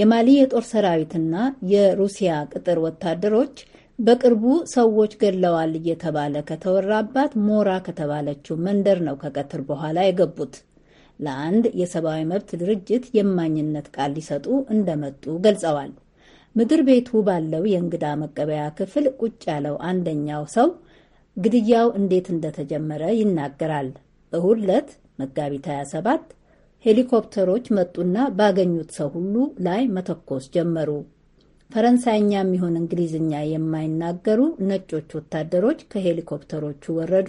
የማሊ የጦር ሰራዊትና የሩሲያ ቅጥር ወታደሮች በቅርቡ ሰዎች ገድለዋል እየተባለ ከተወራባት ሞራ ከተባለችው መንደር ነው ከቀትር በኋላ የገቡት። ለአንድ የሰብአዊ መብት ድርጅት የማኝነት ቃል ሊሰጡ እንደመጡ ገልጸዋል። ምድር ቤቱ ባለው የእንግዳ መቀበያ ክፍል ቁጭ ያለው አንደኛው ሰው ግድያው እንዴት እንደተጀመረ ይናገራል። እሁድ ዕለት መጋቢት 27 ሄሊኮፕተሮች መጡና ባገኙት ሰው ሁሉ ላይ መተኮስ ጀመሩ። ፈረንሳይኛ የሚሆን እንግሊዝኛ የማይናገሩ ነጮች ወታደሮች ከሄሊኮፕተሮቹ ወረዱ።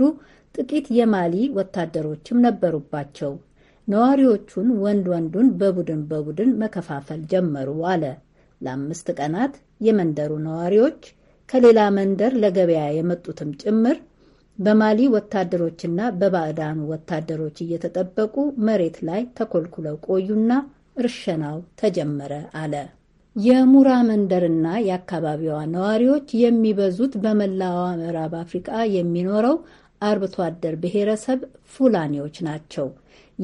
ጥቂት የማሊ ወታደሮችም ነበሩባቸው። ነዋሪዎቹን ወንድ ወንዱን በቡድን በቡድን መከፋፈል ጀመሩ አለ። ለአምስት ቀናት የመንደሩ ነዋሪዎች ከሌላ መንደር ለገበያ የመጡትም ጭምር በማሊ ወታደሮችና በባዕዳኑ ወታደሮች እየተጠበቁ መሬት ላይ ተኮልኩለው ቆዩና እርሸናው ተጀመረ አለ። የሙራ መንደርና የአካባቢዋ ነዋሪዎች የሚበዙት በመላዋ ምዕራብ አፍሪቃ የሚኖረው አርብቶ አደር ብሔረሰብ ፉላኔዎች ናቸው።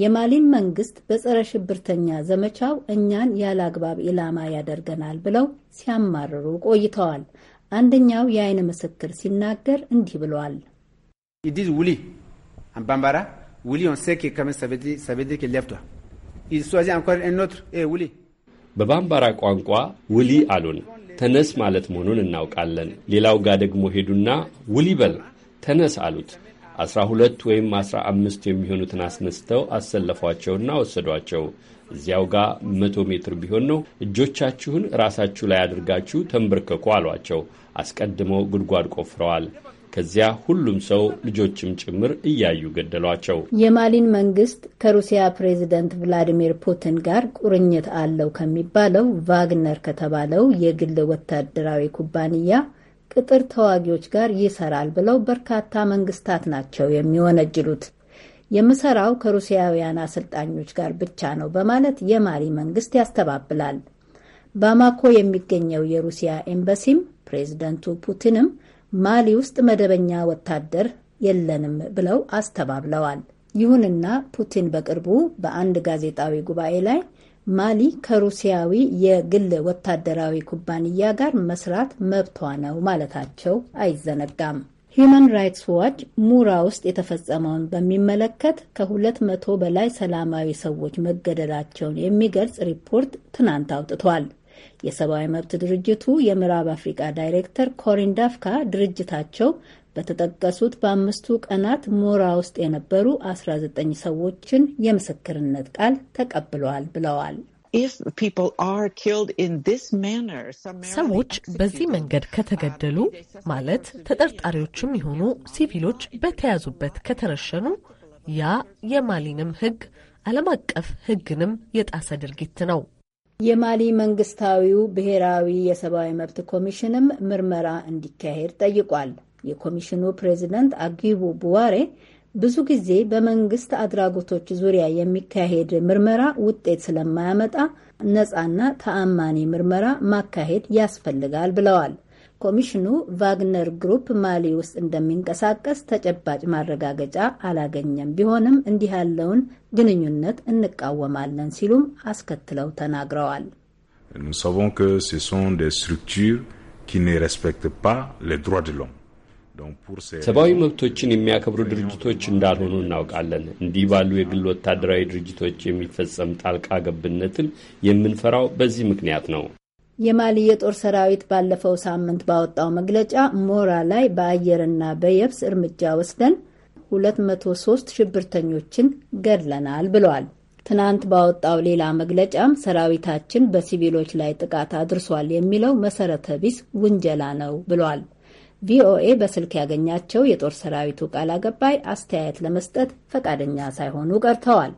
የማሊን መንግስት በጸረ ሽብርተኛ ዘመቻው እኛን ያለ አግባብ ኢላማ ያደርገናል ብለው ሲያማርሩ ቆይተዋል። አንደኛው የአይን ምስክር ሲናገር እንዲህ ብሏል። ኢዲዝ ውሊ አምባምባራ ውሊ ሴክ ሰቤድሪክ ሌፍቷ ኢሷዚ አንኳር ኖትር ውሊ በባምባራ ቋንቋ ውሊ አሉን ተነስ ማለት መሆኑን እናውቃለን። ሌላው ጋር ደግሞ ሄዱና ውሊ በል ተነስ አሉት። አስራ ሁለት ወይም አስራ አምስት የሚሆኑትን አስነስተው አሰለፏቸውና ወሰዷቸው። እዚያው ጋር መቶ ሜትር ቢሆን ነው። እጆቻችሁን ራሳችሁ ላይ አድርጋችሁ ተንበርከኩ አሏቸው። አስቀድመው ጉድጓድ ቆፍረዋል። ከዚያ ሁሉም ሰው ልጆችም ጭምር እያዩ ገደሏቸው። የማሊን መንግስት ከሩሲያ ፕሬዚደንት ቭላዲሚር ፑቲን ጋር ቁርኝት አለው ከሚባለው ቫግነር ከተባለው የግል ወታደራዊ ኩባንያ ቅጥር ተዋጊዎች ጋር ይሰራል ብለው በርካታ መንግስታት ናቸው የሚወነጅሉት። የምሰራው ከሩሲያውያን አሰልጣኞች ጋር ብቻ ነው በማለት የማሊ መንግስት ያስተባብላል። ባማኮ የሚገኘው የሩሲያ ኤምባሲም ፕሬዝደንቱ ፑቲንም ማሊ ውስጥ መደበኛ ወታደር የለንም ብለው አስተባብለዋል። ይሁንና ፑቲን በቅርቡ በአንድ ጋዜጣዊ ጉባኤ ላይ ማሊ ከሩሲያዊ የግል ወታደራዊ ኩባንያ ጋር መስራት መብቷ ነው ማለታቸው አይዘነጋም። ሂዩማን ራይትስ ዋች ሙራ ውስጥ የተፈጸመውን በሚመለከት ከሁለት መቶ በላይ ሰላማዊ ሰዎች መገደላቸውን የሚገልጽ ሪፖርት ትናንት አውጥቷል። የሰብአዊ መብት ድርጅቱ የምዕራብ አፍሪቃ ዳይሬክተር ኮሪን ዳፍካ ድርጅታቸው በተጠቀሱት በአምስቱ ቀናት ሞራ ውስጥ የነበሩ 19 ሰዎችን የምስክርነት ቃል ተቀብለዋል ብለዋል። ሰዎች በዚህ መንገድ ከተገደሉ um, ማለት ተጠርጣሪዎችም የሆኑ ሲቪሎች በተያዙበት ከተረሸኑ ያ የማሊንም ሕግ ዓለም አቀፍ ሕግንም የጣሰ ድርጊት ነው። የማሊ መንግስታዊው ብሔራዊ የሰብአዊ መብት ኮሚሽንም ምርመራ እንዲካሄድ ጠይቋል። የኮሚሽኑ ፕሬዚደንት አጊቡ ቡዋሬ ብዙ ጊዜ በመንግስት አድራጎቶች ዙሪያ የሚካሄድ ምርመራ ውጤት ስለማያመጣ ነፃና ተአማኒ ምርመራ ማካሄድ ያስፈልጋል ብለዋል። ኮሚሽኑ ቫግነር ግሩፕ ማሊ ውስጥ እንደሚንቀሳቀስ ተጨባጭ ማረጋገጫ አላገኘም። ቢሆንም እንዲህ ያለውን ግንኙነት እንቃወማለን ሲሉም አስከትለው ተናግረዋል። nous savons que ce sont des structures qui ne respectent pas les droits de l'homme ሰብአዊ መብቶችን የሚያከብሩ ድርጅቶች እንዳልሆኑ እናውቃለን። እንዲህ ባሉ የግል ወታደራዊ ድርጅቶች የሚፈጸም ጣልቃ ገብነትን የምንፈራው በዚህ ምክንያት ነው። የማሊ የጦር ሰራዊት ባለፈው ሳምንት ባወጣው መግለጫ ሞራ ላይ በአየርና በየብስ እርምጃ ወስደን 203 ሽብርተኞችን ገድለናል ብለዋል። ትናንት ባወጣው ሌላ መግለጫም ሰራዊታችን በሲቪሎች ላይ ጥቃት አድርሷል የሚለው መሰረተ ቢስ ውንጀላ ነው ብሏል። ቪኦኤ በስልክ ያገኛቸው የጦር ሰራዊቱ ቃል አቀባይ አስተያየት ለመስጠት ፈቃደኛ ሳይሆኑ ቀርተዋል።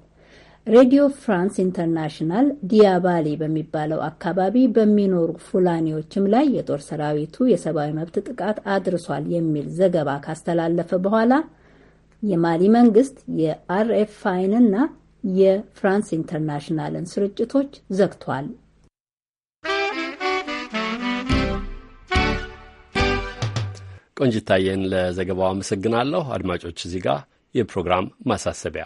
ሬዲዮ ፍራንስ ኢንተርናሽናል ዲያባሊ በሚባለው አካባቢ በሚኖሩ ፉላኒዎችም ላይ የጦር ሰራዊቱ የሰብአዊ መብት ጥቃት አድርሷል የሚል ዘገባ ካስተላለፈ በኋላ የማሊ መንግስት አይንና የፍራንስ ኢንተርናሽናልን ስርጭቶች ዘግቷል። ቆንጅታየን ለዘገባው አመሰግናለሁ። አድማጮች እዚህ ጋር የፕሮግራም ማሳሰቢያ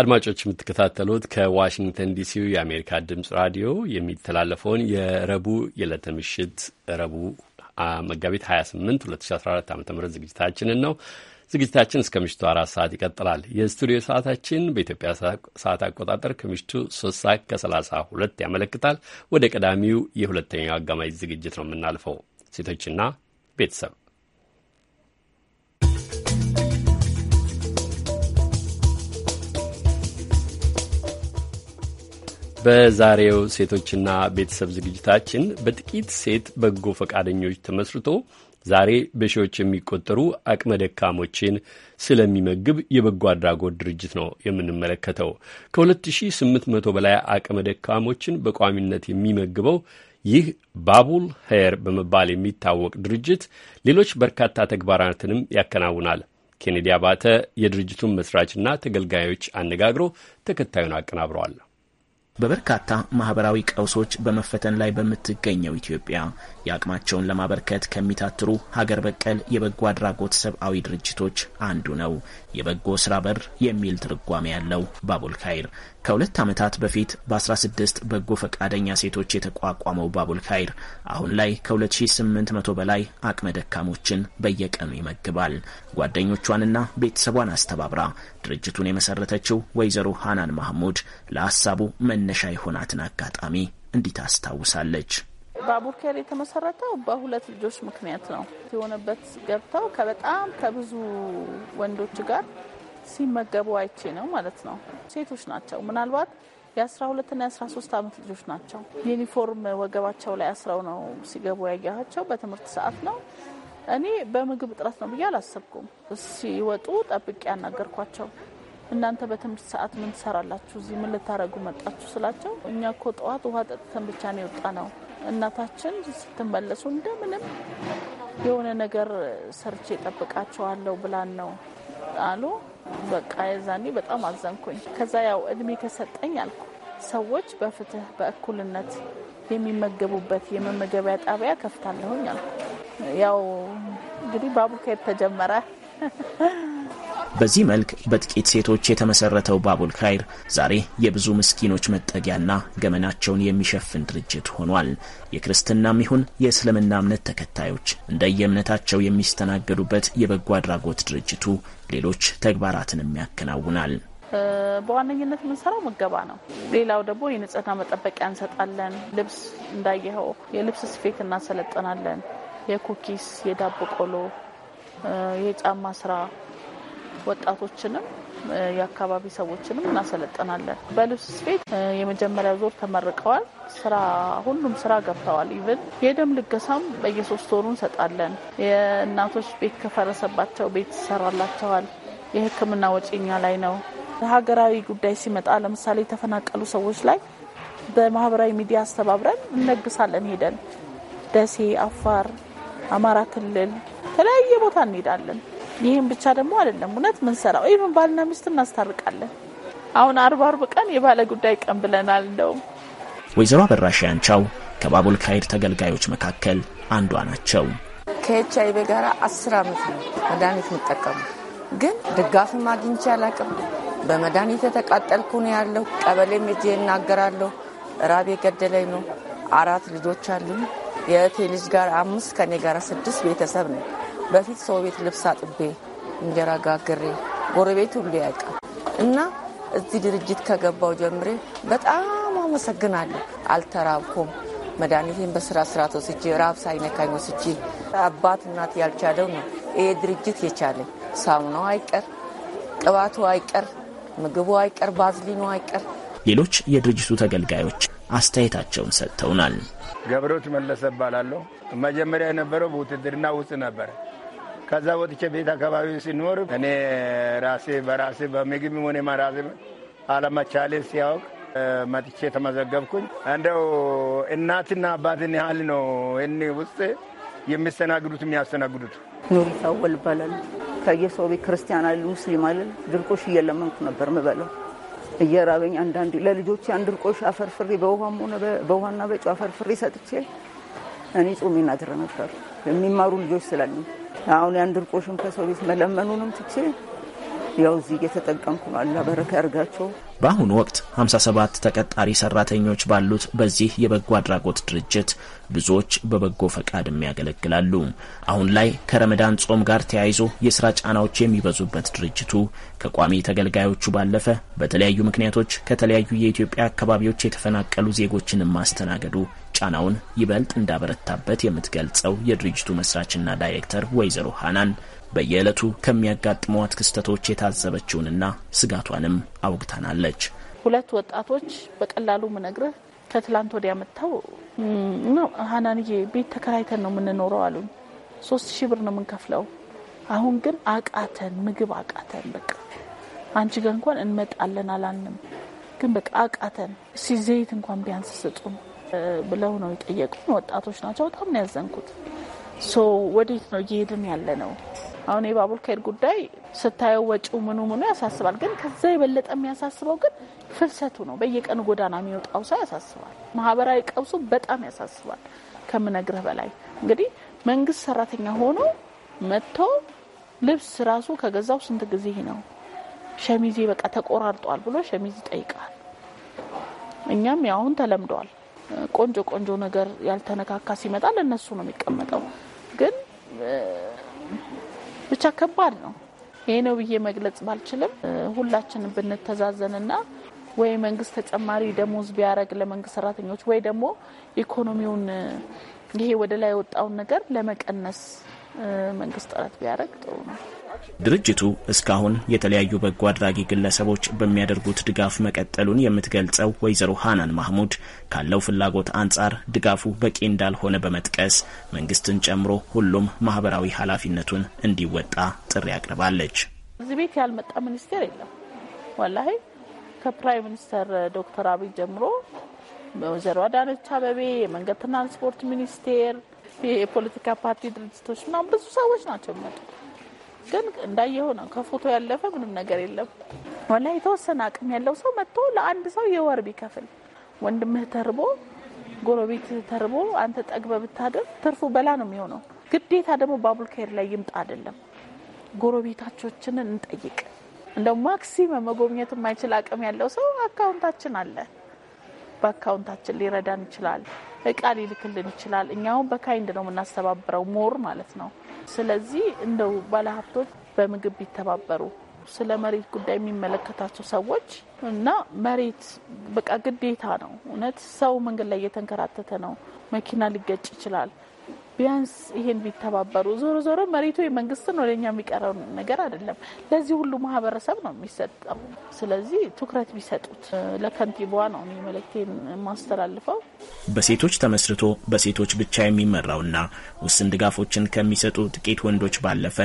አድማጮች የምትከታተሉት ከዋሽንግተን ዲሲ የአሜሪካ ድምፅ ራዲዮ የሚተላለፈውን የረቡ የዕለተ ምሽት ረቡ መጋቢት 28 2014 ዓ ም ዝግጅታችንን ነው። ዝግጅታችን እስከ ምሽቱ አራት ሰዓት ይቀጥላል። የስቱዲዮ ሰዓታችን በኢትዮጵያ ሰዓት አቆጣጠር ከምሽቱ ሶስት ሰዓት ከሰላሳ ሁለት ያመለክታል። ወደ ቀዳሚው የሁለተኛው አጋማሽ ዝግጅት ነው የምናልፈው ሴቶችና ቤተሰብ በዛሬው ሴቶችና ቤተሰብ ዝግጅታችን በጥቂት ሴት በጎ ፈቃደኞች ተመስርቶ ዛሬ በሺዎች የሚቆጠሩ አቅመ ደካሞችን ስለሚመግብ የበጎ አድራጎት ድርጅት ነው የምንመለከተው። ከ2800 በላይ አቅመ ደካሞችን በቋሚነት የሚመግበው ይህ ባቡል ሄር በመባል የሚታወቅ ድርጅት ሌሎች በርካታ ተግባራትንም ያከናውናል። ኬኔዲ አባተ የድርጅቱን መስራችና ተገልጋዮች አነጋግሮ ተከታዩን አቀናብረዋል። በበርካታ ማህበራዊ ቀውሶች በመፈተን ላይ በምትገኘው ኢትዮጵያ የአቅማቸውን ለማበርከት ከሚታትሩ ሀገር በቀል የበጎ አድራጎት ሰብአዊ ድርጅቶች አንዱ ነው። የበጎ ስራ በር የሚል ትርጓሜ ያለው ባቡልካይር ከሁለት ዓመታት በፊት በ16 በጎ ፈቃደኛ ሴቶች የተቋቋመው ባቡል ካይር አሁን ላይ ከ2800 በላይ አቅመ ደካሞችን በየቀኑ ይመግባል። ጓደኞቿንና ቤተሰቧን አስተባብራ ድርጅቱን የመሰረተችው ወይዘሮ ሃናን ማህሙድ ለሀሳቡ መነሻ የሆናትን አጋጣሚ እንዲህ አስታውሳለች። ባቡር ኬር የተመሰረተው በሁለት ልጆች ምክንያት ነው። የሆነበት ገብተው ከበጣም ከብዙ ወንዶች ጋር ሲመገቡ አይቼ ነው ማለት ነው። ሴቶች ናቸው ምናልባት የአስራ ሁለት ና የአስራ ሶስት ዓመት ልጆች ናቸው። ዩኒፎርም ወገባቸው ላይ አስረው ነው ሲገቡ ያያቸው። በትምህርት ሰዓት ነው። እኔ በምግብ እጥረት ነው ብዬ አላሰብኩም። ሲወጡ ጠብቄ ያናገርኳቸው እናንተ በትምህርት ሰዓት ምን ትሰራላችሁ? እዚህ ምን ልታደረጉ መጣችሁ ስላቸው እኛ ኮ ጠዋት ውሃ ጠጥተን ብቻ ነው የወጣ ነው እናታችን ስትመለሱ እንደምንም የሆነ ነገር ሰርቼ ጠብቃቸዋለሁ ብላን ነው አሉ። በቃ የዛኔ በጣም አዘንኩኝ። ከዛ ያው እድሜ ከሰጠኝ አልኩ ሰዎች በፍትህ በእኩልነት የሚመገቡበት የመመገቢያ ጣቢያ ከፍታለሁኝ አልኩ። ያው እንግዲህ ባቡካየት ተጀመረ። <laughs> በዚህ መልክ በጥቂት ሴቶች የተመሰረተው ባቡል ካይር ዛሬ የብዙ ምስኪኖች መጠጊያና ገመናቸውን የሚሸፍን ድርጅት ሆኗል። የክርስትናም ይሁን የእስልምና እምነት ተከታዮች እንደየእምነታቸው የሚስተናገዱበት የበጎ አድራጎት ድርጅቱ ሌሎች ተግባራትንም ያከናውናል። በዋነኝነት የምንሰራው ምገባ ነው። ሌላው ደግሞ የንጽህና መጠበቂያ እንሰጣለን። ልብስ እንዳየኸው የልብስ ስፌት እናሰለጠናለን። የኩኪስ፣ የዳቦ ቆሎ፣ የጫማ ስራ ወጣቶችንም የአካባቢ ሰዎችንም እናሰለጥናለን። በልብስ ስፌት የመጀመሪያ ዞር ተመርቀዋል። ስራ ሁሉም ስራ ገብተዋል። ኢቭን የደም ልገሳም በየሶስት ወሩ እንሰጣለን። የእናቶች ቤት ከፈረሰባቸው ቤት ይሰራላቸዋል። የሕክምና ወጪኛ ላይ ነው። ሀገራዊ ጉዳይ ሲመጣ ለምሳሌ የተፈናቀሉ ሰዎች ላይ በማህበራዊ ሚዲያ አስተባብረን እንነግሳለን ሄደን ደሴ፣ አፋር፣ አማራ ክልል የተለያየ ቦታ እንሄዳለን። ይህም ብቻ ደግሞ አይደለም። እውነት ምን ሰራው ይህም ባልና ሚስት እናስታርቃለን። አሁን አርብ አርብ ቀን የባለ ጉዳይ ቀን ብለናል። እንደው ወይዘሮ አበራሽ ያንቻው ከባቡል ካሄድ ተገልጋዮች መካከል አንዷ ናቸው። ከኤች አይቪ ጋር አስር ዓመት ነው መድኃኒት የምጠቀሙ ግን ድጋፍም አግኝቼ አላቅም። በመድኃኒት የተቃጠልኩ ነው ያለው። ቀበሌም ሄጄ እናገራለሁ። ራብ የገደለኝ ነው። አራት ልጆች አሉ። የእቴ ልጅ ጋር አምስት፣ ከኔ ጋር ስድስት ቤተሰብ ነው በፊት ሰው ቤት ልብስ አጥቤ እንጀራ ጋግሬ ጎረቤት ሁሉ ያውቃል እና እዚህ ድርጅት ከገባው ጀምሬ በጣም አመሰግናለሁ። አልተራብኩም። መድኃኒቴን በስራ ስርዓት ወስጄ ራብ ሳይነካኝ ወስጄ አባት እናት ያልቻለው ነው ይሄ ድርጅት የቻለኝ። ሳሙናው አይቀር፣ ቅባቱ አይቀር፣ ምግቡ አይቀር፣ ባዝሊኑ አይቀር። ሌሎች የድርጅቱ ተገልጋዮች አስተያየታቸውን ሰጥተውናል። ገብሮት መለሰ እባላለሁ። መጀመሪያ የነበረው በውትድርና ውስጥ ነበረ። ከዛ ወጥቼ ቤት አካባቢ ሲኖር እኔ ራሴ በራሴ በምግብ ሆኔ ራሴ አለመቻሌ ሲያውቅ መጥቼ ተመዘገብኩኝ። እንደው እናትና አባትን ያህል ነው እኔ ውስጥ የሚስተናግዱት የሚያስተናግዱት። ኑሪ ታወል ይባላል። ከየሰው ቤት ክርስቲያን አለ ሙስሊም አለ። ድርቆሽ እየለመንኩ ነበር ምበለው እየራበኝ አንዳንድ ለልጆች አንድ ድርቆሽ አፈርፍሬ በውሃም ሆነ በውሃና በጨው አፈርፍሬ ሰጥቼ እኔ ጾሜን አድረ ነበር የሚማሩ ልጆች ስላሉ አሁን ያን ድርቆሽም ከሰው ቤት መለመኑንም ትቼ ያው እዚህ እየተጠቀምኩ ነው። አላ በረከ ያርጋቸው። በአሁኑ ወቅት 57 ተቀጣሪ ሰራተኞች ባሉት በዚህ የበጎ አድራጎት ድርጅት ብዙዎች በበጎ ፈቃድም ያገለግላሉ። አሁን ላይ ከረመዳን ጾም ጋር ተያይዞ የስራ ጫናዎች የሚበዙበት ድርጅቱ ከቋሚ ተገልጋዮቹ ባለፈ በተለያዩ ምክንያቶች ከተለያዩ የኢትዮጵያ አካባቢዎች የተፈናቀሉ ዜጎችን ማስተናገዱ ጫናውን ይበልጥ እንዳበረታበት የምትገልጸው የድርጅቱ መስራችና ዳይሬክተር ወይዘሮ ሃናን በየዕለቱ ከሚያጋጥመዋት ክስተቶች የታዘበችውንና ስጋቷንም አውግታናለች። ሁለት ወጣቶች በቀላሉ ምነግርህ ከትላንት ወዲያ መጥተው ሀናንዬ ቤት ተከራይተን ነው የምንኖረው አሉኝ። ሶስት ሺህ ብር ነው የምንከፍለው። አሁን ግን አቃተን፣ ምግብ አቃተን። በቃ አንቺ ጋር እንኳን እንመጣለን አላልንም፣ ግን በቃ አቃተን። እስኪ ዘይት እንኳን ቢያንስ ስጡን ብለው ነው የጠየቁን። ወጣቶች ናቸው። በጣም ነው ያዘንኩት። ሶ ወዴት ነው እየሄድን ያለ ነው? አሁን የባቡር ከሄድ ጉዳይ ስታየው ወጪው ምኑ ምኑ ያሳስባል። ግን ከዛ የበለጠ የሚያሳስበው ግን ፍልሰቱ ነው። በየቀኑ ጎዳና የሚወጣው ሰው ያሳስባል። ማህበራዊ ቀውሱ በጣም ያሳስባል ከምነግርህ በላይ። እንግዲህ መንግስት ሰራተኛ ሆኖ መጥቶ ልብስ ራሱ ከገዛው ስንት ጊዜ ነው ሸሚዜ በቃ ተቆራርጧል ብሎ ሸሚዝ ይጠይቃል። እኛም ያሁን አሁን ተለምደዋል። ቆንጆ ቆንጆ ነገር ያልተነካካ ሲመጣ ለእነሱ ነው የሚቀመጠው። ግን ብቻ ከባድ ነው። ይሄ ነው ብዬ መግለጽ ባልችልም ሁላችንም ብንተዛዘንና ወይ መንግስት ተጨማሪ ደሞዝ ቢያደርግ ለመንግስት ሰራተኞች ወይ ደግሞ ኢኮኖሚውን ይሄ ወደ ላይ የወጣውን ነገር ለመቀነስ መንግስት ጥረት ቢያደርግ ጥሩ ነው። ድርጅቱ እስካሁን የተለያዩ በጎ አድራጊ ግለሰቦች በሚያደርጉት ድጋፍ መቀጠሉን የምትገልጸው ወይዘሮ ሃናን ማህሙድ ካለው ፍላጎት አንጻር ድጋፉ በቂ እንዳልሆነ በመጥቀስ መንግስትን ጨምሮ ሁሉም ማህበራዊ ኃላፊነቱን እንዲወጣ ጥሪ አቅርባለች። እዚህ ቤት ያልመጣ ሚኒስቴር የለም። ወላሂ ከፕራይም ሚኒስተር ዶክተር አብይ ጀምሮ ወይዘሮ አዳነች አበቤ፣ የመንገድ ትራንስፖርት ሚኒስቴር፣ የፖለቲካ ፓርቲ ድርጅቶች ምናምን ብዙ ሰዎች ናቸው የሚመጡት ግን እንዳየው ነው። ከፎቶ ያለፈ ምንም ነገር የለም። ወላ የተወሰነ አቅም ያለው ሰው መጥቶ ለአንድ ሰው የወር ቢከፍል ወንድምህ ተርቦ ጎረቤት ተርቦ አንተ ጠግበ ብታድር ትርፉ በላ ነው የሚሆነው። ግዴታ ደግሞ ባቡል ከሄድ ላይ ይምጣ አይደለም። ጎረቤታቾችንን እንጠይቅ። እንደ ማክሲመም መጎብኘት የማይችል አቅም ያለው ሰው አካውንታችን አለ። በአካውንታችን ሊረዳን ይችላል። እቃ ሊልክልን ይችላል። እኛውን በካይንድ ነው የምናስተባብረው ሞር ማለት ነው። ስለዚህ እንደው ባለሀብቶች በምግብ ቢተባበሩ ስለ መሬት ጉዳይ የሚመለከታቸው ሰዎች እና መሬት በቃ ግዴታ ነው። እውነት ሰው መንገድ ላይ እየተንከራተተ ነው። መኪና ሊገጭ ይችላል። ቢያንስ ይሄን ቢተባበሩ። ዞሮ ዞሮ መሬቱ የመንግስት ወደ የሚቀረው ነገር አይደለም፣ ለዚህ ሁሉ ማህበረሰብ ነው የሚሰጠው። ስለዚህ ትኩረት ቢሰጡት። ለከንቲባዋ ነው እኔ መልእክቴን የማስተላልፈው። በሴቶች ተመስርቶ በሴቶች ብቻ የሚመራውና ውስን ድጋፎችን ከሚሰጡ ጥቂት ወንዶች ባለፈ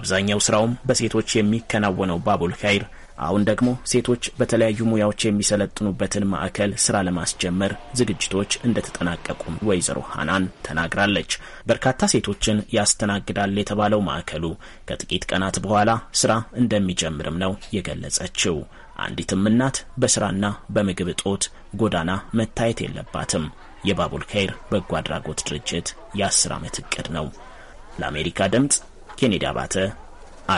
አብዛኛው ስራውም በሴቶች የሚከናወነው ባቡል ኸይር አሁን ደግሞ ሴቶች በተለያዩ ሙያዎች የሚሰለጥኑበትን ማዕከል ስራ ለማስጀመር ዝግጅቶች እንደተጠናቀቁም ወይዘሮ ሃናን ተናግራለች። በርካታ ሴቶችን ያስተናግዳል የተባለው ማዕከሉ ከጥቂት ቀናት በኋላ ስራ እንደሚጀምርም ነው የገለጸችው። አንዲትም እናት በስራና በምግብ እጦት ጎዳና መታየት የለባትም። የባቡል ከይር በጎ አድራጎት ድርጅት የአስር ዓመት እቅድ ነው። ለአሜሪካ ድምፅ ኬኔዲ አባተ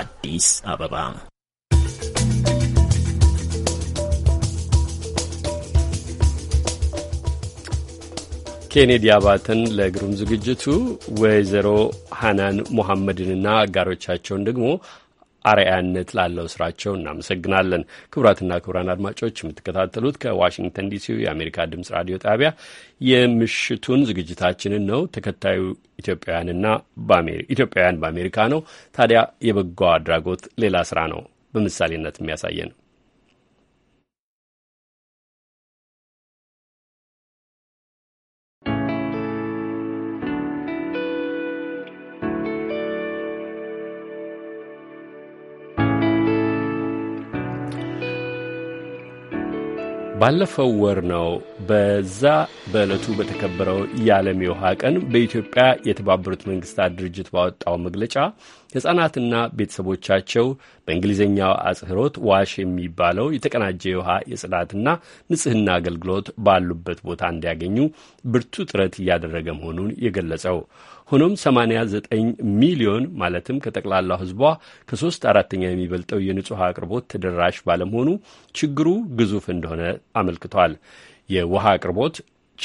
አዲስ አበባ ኬኔዲ አባተን ለግሩም ዝግጅቱ፣ ወይዘሮ ሃናን ሙሐመድንና አጋሮቻቸውን ደግሞ አርአያነት ላለው ስራቸው እናመሰግናለን። ክቡራትና ክቡራን አድማጮች የምትከታተሉት ከዋሽንግተን ዲሲ የአሜሪካ ድምጽ ራዲዮ ጣቢያ የምሽቱን ዝግጅታችንን ነው። ተከታዩ ኢትዮጵያውያንና ኢትዮጵያውያን በአሜሪካ ነው። ታዲያ የበጎ አድራጎት ሌላ ስራ ነው በምሳሌነት የሚያሳየን ባለፈው ወር ነው በዛ በዕለቱ በተከበረው የዓለም የውሃ ቀን በኢትዮጵያ የተባበሩት መንግስታት ድርጅት ባወጣው መግለጫ ሕፃናትና ቤተሰቦቻቸው በእንግሊዝኛው አጽህሮት ዋሽ የሚባለው የተቀናጀ የውሃ የጽዳትና ንጽህና አገልግሎት ባሉበት ቦታ እንዲያገኙ ብርቱ ጥረት እያደረገ መሆኑን የገለጸው ሆኖም 89 ሚሊዮን ማለትም ከጠቅላላው ህዝቧ ከሶስት አራተኛ የሚበልጠው የንጹህ አቅርቦት ተደራሽ ባለመሆኑ ችግሩ ግዙፍ እንደሆነ አመልክቷል። የውሃ አቅርቦት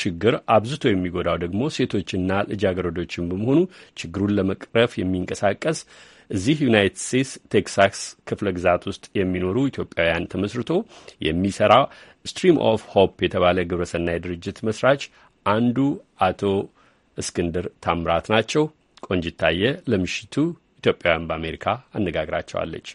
ችግር አብዝቶ የሚጎዳው ደግሞ ሴቶችና ልጃገረዶችን በመሆኑ ችግሩን ለመቅረፍ የሚንቀሳቀስ እዚህ ዩናይትድ ስቴትስ ቴክሳስ ክፍለ ግዛት ውስጥ የሚኖሩ ኢትዮጵያውያን ተመስርቶ የሚሰራ ስትሪም ኦፍ ሆፕ የተባለ ግብረሰናይ ድርጅት መስራች አንዱ አቶ እስክንድር ታምራት ናቸው። ቆንጅታየ ለምሽቱ ኢትዮጵያውያን በአሜሪካ አነጋግራቸዋለች።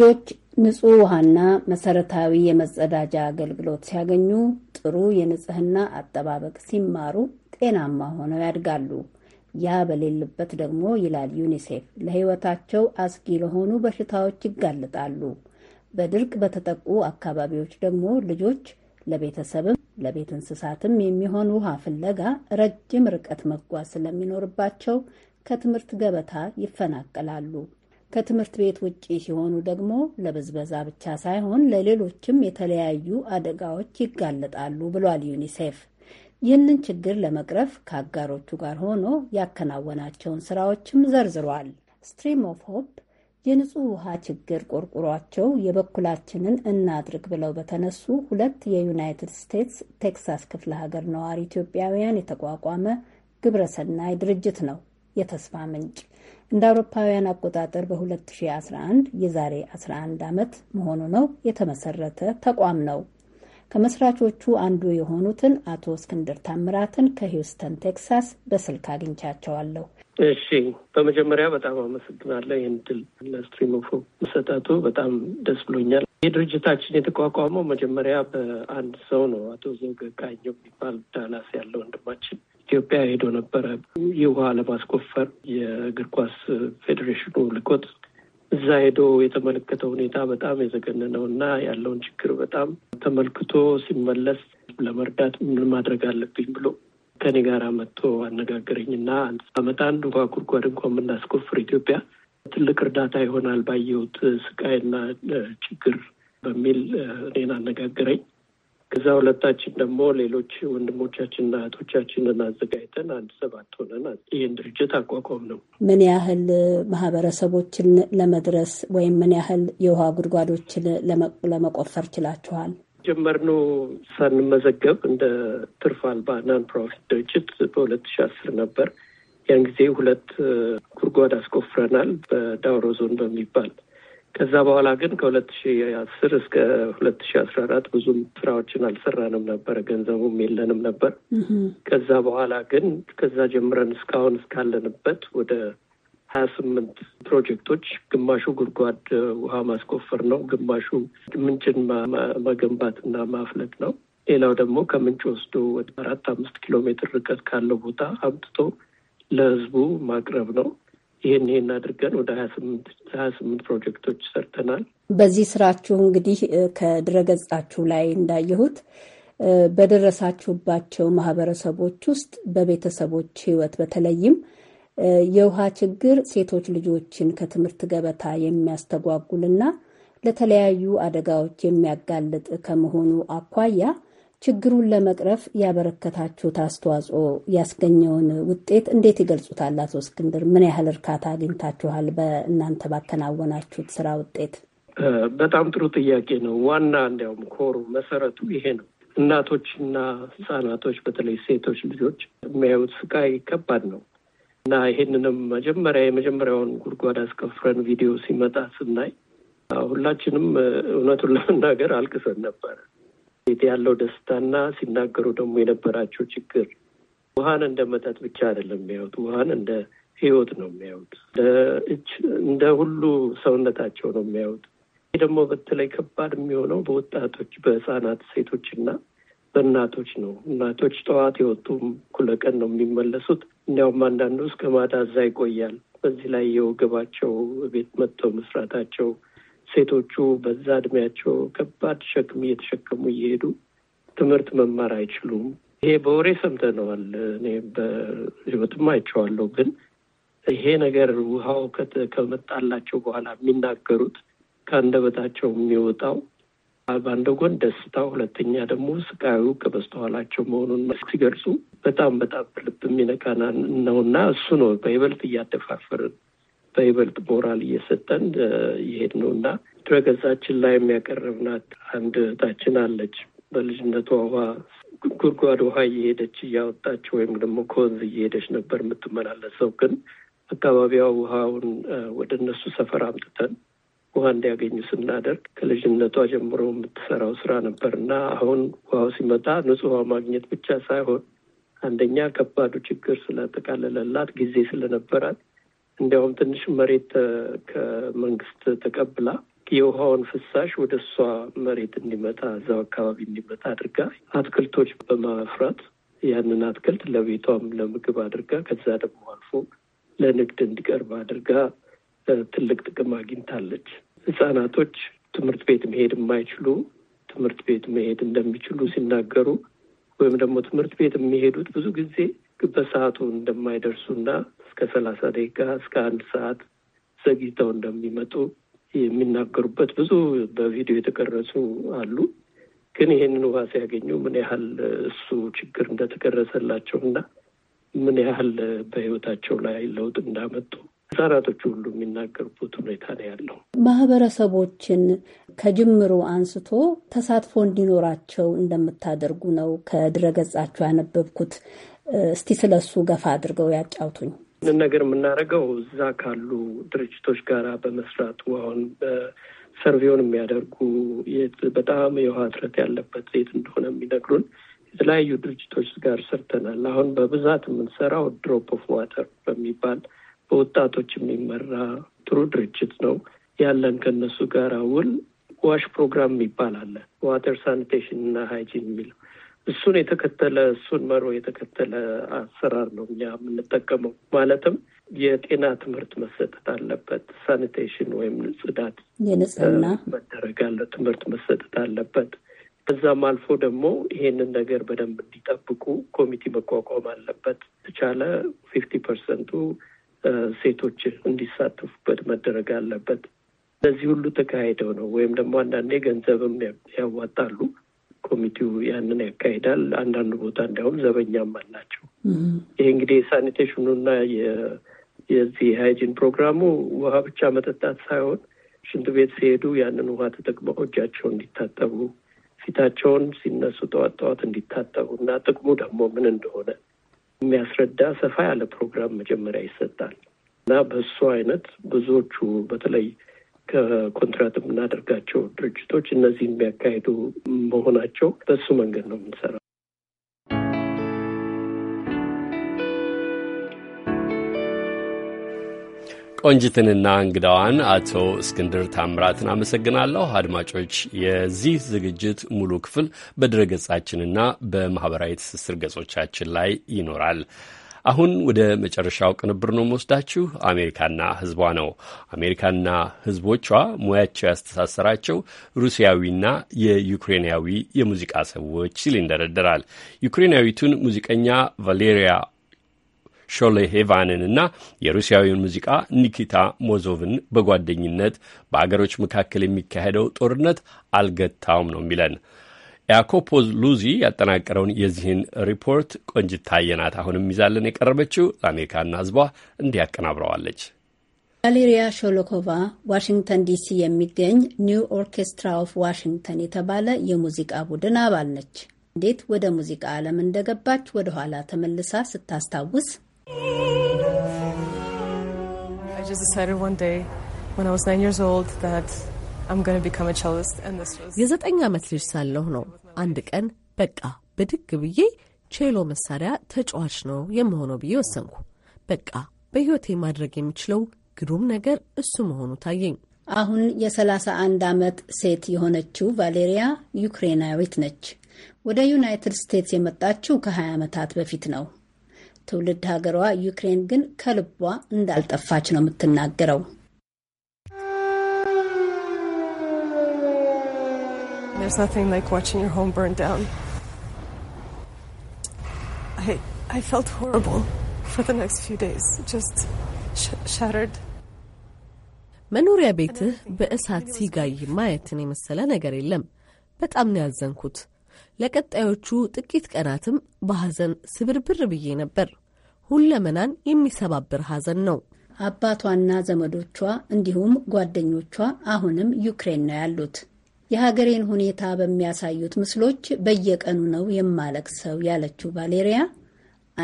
ልጆች ንጹህ ውሃና መሰረታዊ የመጸዳጃ አገልግሎት ሲያገኙ፣ ጥሩ የንጽህና አጠባበቅ ሲማሩ ጤናማ ሆነው ያድጋሉ። ያ በሌለበት ደግሞ ይላል ዩኒሴፍ፣ ለሕይወታቸው አስጊ ለሆኑ በሽታዎች ይጋለጣሉ። በድርቅ በተጠቁ አካባቢዎች ደግሞ ልጆች ለቤተሰብም ለቤት እንስሳትም የሚሆን ውሃ ፍለጋ ረጅም ርቀት መጓዝ ስለሚኖርባቸው ከትምህርት ገበታ ይፈናቀላሉ። ከትምህርት ቤት ውጪ ሲሆኑ ደግሞ ለብዝበዛ ብቻ ሳይሆን ለሌሎችም የተለያዩ አደጋዎች ይጋለጣሉ ብሏል ዩኒሴፍ። ይህንን ችግር ለመቅረፍ ከአጋሮቹ ጋር ሆኖ ያከናወናቸውን ስራዎችም ዘርዝሯል። ስትሪም ኦፍ ሆፕ የንጹህ ውሃ ችግር ቆርቁሯቸው የበኩላችንን እናድርግ ብለው በተነሱ ሁለት የዩናይትድ ስቴትስ ቴክሳስ ክፍለ ሀገር ነዋሪ ኢትዮጵያውያን የተቋቋመ ግብረሰናይ ድርጅት ነው የተስፋ ምንጭ። እንደ አውሮፓውያን አቆጣጠር በ2011 የዛሬ 11 ዓመት መሆኑ ነው የተመሰረተ ተቋም ነው። ከመስራቾቹ አንዱ የሆኑትን አቶ እስክንድር ታምራትን ከሂውስተን ቴክሳስ በስልክ አግኝቻቸዋለሁ። እሺ፣ በመጀመሪያ በጣም አመሰግናለሁ ይህን ድል ለስትሪም ኦፍ መሰጠቱ በጣም ደስ ብሎኛል። ድርጅታችን የተቋቋመው መጀመሪያ በአንድ ሰው ነው። አቶ ዘውገ ቃኘው የሚባል ዳላስ ያለው ወንድማችን ኢትዮጵያ ሄዶ ነበረ። ውሃ ለማስቆፈር የእግር ኳስ ፌዴሬሽኑ ልቆት እዛ ሄዶ የተመለከተው ሁኔታ በጣም የዘገነነው እና ያለውን ችግር በጣም ተመልክቶ ሲመለስ ለመርዳት ምን ማድረግ አለብኝ ብሎ ከኔ ጋር መጥቶ አነጋገረኝ እና አመት አንድ እንኳ ጉድጓድ እንኳ የምናስቆፍር ኢትዮጵያ ትልቅ እርዳታ ይሆናል ባየሁት ስቃይና ችግር በሚል እኔን አነጋገረኝ። ከዛ ሁለታችን ደግሞ ሌሎች ወንድሞቻችንና እህቶቻችንን አዘጋጅተን አንድ ሰባት ሆነን ይህን ድርጅት አቋቋም ነው። ምን ያህል ማህበረሰቦችን ለመድረስ ወይም ምን ያህል የውሃ ጉድጓዶችን ለመቆፈር ችላችኋል? ጀመርነው ሳንመዘገብ እንደ ትርፍ አልባ ናን ፕሮፊት ድርጅት በሁለት ሺህ አስር ነበር። ያን ጊዜ ሁለት ጉድጓድ አስቆፍረናል በዳውሮ ዞን በሚባል ከዛ በኋላ ግን ከሁለት ሺ አስር እስከ ሁለት ሺ አስራ አራት ብዙም ስራዎችን አልሰራንም ነበር፣ ገንዘቡም የለንም ነበር። ከዛ በኋላ ግን ከዛ ጀምረን እስካሁን እስካለንበት ወደ ሀያ ስምንት ፕሮጀክቶች ግማሹ ጉድጓድ ውሃ ማስቆፈር ነው፣ ግማሹ ምንጭን መገንባት እና ማፍለቅ ነው። ሌላው ደግሞ ከምንጭ ወስዶ ወደ አራት አምስት ኪሎ ሜትር ርቀት ካለው ቦታ አምጥቶ ለህዝቡ ማቅረብ ነው። ይህን ይህን አድርገን ወደ ሀያ ስምንት ፕሮጀክቶች ሰርተናል። በዚህ ስራችሁ እንግዲህ ከድረገጻችሁ ላይ እንዳየሁት በደረሳችሁባቸው ማህበረሰቦች ውስጥ በቤተሰቦች ህይወት በተለይም የውሃ ችግር ሴቶች ልጆችን ከትምህርት ገበታ የሚያስተጓጉልና ለተለያዩ አደጋዎች የሚያጋልጥ ከመሆኑ አኳያ ችግሩን ለመቅረፍ ያበረከታችሁት አስተዋጽኦ ያስገኘውን ውጤት እንዴት ይገልጹታል? አቶ እስክንድር፣ ምን ያህል እርካታ አግኝታችኋል በእናንተ ባከናወናችሁት ስራ ውጤት? በጣም ጥሩ ጥያቄ ነው። ዋና እንዲያውም ኮሩ መሰረቱ ይሄ ነው። እናቶችና ህጻናቶች በተለይ ሴቶች ልጆች የሚያዩት ስቃይ ከባድ ነው እና ይሄንንም መጀመሪያ የመጀመሪያውን ጉድጓድ አስቀፍረን ቪዲዮ ሲመጣ ስናይ ሁላችንም እውነቱን ለመናገር አልቅሰን ነበር። ያለው ደስታና ሲናገሩ ደግሞ የነበራቸው ችግር ውሃን እንደ መጠጥ ብቻ አይደለም የሚያዩት። ውሃን እንደ ህይወት ነው የሚያዩት። እጅ እንደ ሁሉ ሰውነታቸው ነው የሚያዩት። ይህ ደግሞ በተለይ ከባድ የሚሆነው በወጣቶች በህፃናት ሴቶችና በእናቶች ነው። እናቶች ጠዋት የወጡ ኩለቀን ነው የሚመለሱት። እንዲያውም አንዳንዱ እስከ ማታ እዛ ይቆያል። በዚህ ላይ የወገባቸው ቤት መጥተው መስራታቸው ሴቶቹ በዛ እድሜያቸው ከባድ ሸክም እየተሸከሙ እየሄዱ ትምህርት መማር አይችሉም። ይሄ በወሬ ሰምተነዋል። እኔ በህይወትም አይቼዋለሁ። ግን ይሄ ነገር ውሃው ከመጣላቸው በኋላ የሚናገሩት ከአንደበታቸው የሚወጣው በአንድ ጎን ደስታ፣ ሁለተኛ ደግሞ ስቃዩ ከበስተኋላቸው መሆኑን ሲገልጹ በጣም በጣም ልብ የሚነካና ነው እና እሱ ነው በይበልጥ እያደፋፈርን በይበልጥ ሞራል እየሰጠን ይሄድ ነው እና ድረገጻችን ላይ የሚያቀረብናት አንድ እህታችን አለች። በልጅነቷ ውሃ ጉድጓድ ውሃ እየሄደች እያወጣች ወይም ደግሞ ከወንዝ እየሄደች ነበር የምትመላለሰው። ግን አካባቢዋ ውሃውን ወደ እነሱ ሰፈር አምጥተን ውሃ እንዲያገኙ ስናደርግ ከልጅነቷ ጀምሮ የምትሰራው ስራ ነበር እና አሁን ውሃው ሲመጣ ንጹህ ውሃ ማግኘት ብቻ ሳይሆን አንደኛ ከባዱ ችግር ስለጠቃለለላት ጊዜ ስለነበራት እንዲያውም ትንሽ መሬት ከመንግስት ተቀብላ የውሃውን ፍሳሽ ወደ እሷ መሬት እንዲመጣ እዛው አካባቢ እንዲመጣ አድርጋ አትክልቶች በማፍራት ያንን አትክልት ለቤቷም ለምግብ አድርጋ ከዛ ደግሞ አልፎ ለንግድ እንዲቀርብ አድርጋ ትልቅ ጥቅም አግኝታለች። ህጻናቶች ትምህርት ቤት መሄድ የማይችሉ ትምህርት ቤት መሄድ እንደሚችሉ ሲናገሩ ወይም ደግሞ ትምህርት ቤት የሚሄዱት ብዙ ጊዜ በሰዓቱ እንደማይደርሱና እስከ ሰላሳ ደቂቃ እስከ አንድ ሰዓት ዘግይተው እንደሚመጡ የሚናገሩበት ብዙ በቪዲዮ የተቀረጹ አሉ። ግን ይህንን ውሃ ሲያገኙ ምን ያህል እሱ ችግር እንደተቀረሰላቸው እና ምን ያህል በህይወታቸው ላይ ለውጥ እንዳመጡ ህጻናቶቹ ሁሉ የሚናገሩበት ሁኔታ ነው ያለው። ማህበረሰቦችን ከጅምሩ አንስቶ ተሳትፎ እንዲኖራቸው እንደምታደርጉ ነው ከድረገጻቸው ያነበብኩት። እስቲ ስለሱ ገፋ አድርገው ያጫውቱኝ። ይህንን ነገር የምናደርገው እዛ ካሉ ድርጅቶች ጋር በመስራት ውሃውን ሰርቬውን የሚያደርጉ በጣም የውሃ እጥረት ያለበት የት እንደሆነ የሚነግሩን የተለያዩ ድርጅቶች ጋር ሰርተናል። አሁን በብዛት የምንሰራው ድሮፕ ኦፍ ዋተር በሚባል በወጣቶች የሚመራ ጥሩ ድርጅት ነው ያለን። ከነሱ ጋር ውል ዋሽ ፕሮግራም የሚባል አለ፣ ዋተር ሳኒቴሽን እና ሃይጂን የሚለው እሱን የተከተለ እሱን መሮ የተከተለ አሰራር ነው እኛ የምንጠቀመው። ማለትም የጤና ትምህርት መሰጠት አለበት። ሳኒቴሽን ወይም ጽዳት የንጽህና መደረግ ያለ ትምህርት መሰጠት አለበት። ከዛም አልፎ ደግሞ ይሄንን ነገር በደንብ እንዲጠብቁ ኮሚቴ መቋቋም አለበት። ተቻለ ፊፍቲ ፐርሰንቱ ሴቶች እንዲሳተፉበት መደረግ አለበት። እነዚህ ሁሉ ተካሄደው ነው ወይም ደግሞ አንዳንዴ ገንዘብም ያዋጣሉ ኮሚቴው ያንን ያካሂዳል። አንዳንድ ቦታ እንዲያውም ዘበኛም አላቸው። ይሄ እንግዲህ የሳኒቴሽኑና የዚህ ሃይጂን ፕሮግራሙ ውሃ ብቻ መጠጣት ሳይሆን ሽንት ቤት ሲሄዱ ያንን ውሃ ተጠቅመው እጃቸውን እንዲታጠቡ፣ ፊታቸውን ሲነሱ ጠዋት ጠዋት እንዲታጠቡ እና ጥቅሙ ደግሞ ምን እንደሆነ የሚያስረዳ ሰፋ ያለ ፕሮግራም መጀመሪያ ይሰጣል እና በሱ አይነት ብዙዎቹ በተለይ ከኮንትራት የምናደርጋቸው ድርጅቶች እነዚህን የሚያካሂዱ መሆናቸው በሱ መንገድ ነው የምንሰራው። ቆንጅትንና እንግዳዋን አቶ እስክንድር ታምራትን አመሰግናለሁ። አድማጮች የዚህ ዝግጅት ሙሉ ክፍል በድረገጻችንና በማኅበራዊ ትስስር ገጾቻችን ላይ ይኖራል። አሁን ወደ መጨረሻው ቅንብር ነው መወስዳችሁ። አሜሪካና ህዝቧ ነው። አሜሪካና ህዝቦቿ ሙያቸው ያስተሳሰራቸው ሩሲያዊና የዩክሬናዊ የሙዚቃ ሰዎች ሲል ይንደረደራል። ዩክሬናዊቱን ሙዚቀኛ ቫሌሪያ ሾሎሄቫንን እና የሩሲያዊውን ሙዚቃ ኒኪታ ሞዞቭን በጓደኝነት በአገሮች መካከል የሚካሄደው ጦርነት አልገታውም ነው የሚለን ያኮፖዝ ሉዚ ያጠናቀረውን የዚህን ሪፖርት ቆንጅታየናት አሁንም ይዛለን የቀረበችው ለአሜሪካና ህዝቧ እንዲህ ያቀናብረዋለች። ቫሌሪያ ሾሎኮቫ ዋሽንግተን ዲሲ የሚገኝ ኒው ኦርኬስትራ ኦፍ ዋሽንግተን የተባለ የሙዚቃ ቡድን አባል ነች። እንዴት ወደ ሙዚቃ ዓለም እንደገባች ወደ ኋላ ተመልሳ ስታስታውስ የዘጠኝ ዓመት ልጅ ሳለሁ ነው አንድ ቀን በቃ ብድግ ብዬ ቼሎ መሳሪያ ተጫዋች ነው የምሆነው ብዬ ወሰንኩ። በቃ በሕይወቴ ማድረግ የሚችለው ግሩም ነገር እሱ መሆኑ ታየኝ። አሁን የ31 ዓመት ሴት የሆነችው ቫሌሪያ ዩክሬናዊት ነች። ወደ ዩናይትድ ስቴትስ የመጣችው ከ20 ዓመታት በፊት ነው። ትውልድ ሀገሯ ዩክሬን ግን ከልቧ እንዳልጠፋች ነው የምትናገረው። there's nothing like watching your home burn down. I, I felt horrible for the next few days, just sh shattered. መኖሪያ ቤትህ በእሳት ሲጋይ ማየትን የመሰለ ነገር የለም። በጣም ነው ያዘንኩት። ለቀጣዮቹ ጥቂት ቀናትም በሐዘን ስብርብር ብዬ ነበር። ሁለመናን የሚሰባብር ሐዘን ነው። አባቷና ዘመዶቿ እንዲሁም ጓደኞቿ አሁንም ዩክሬን ነው ያሉት። የሀገሬን ሁኔታ በሚያሳዩት ምስሎች በየቀኑ ነው የማለቅሰው ያለችው ቫሌሪያ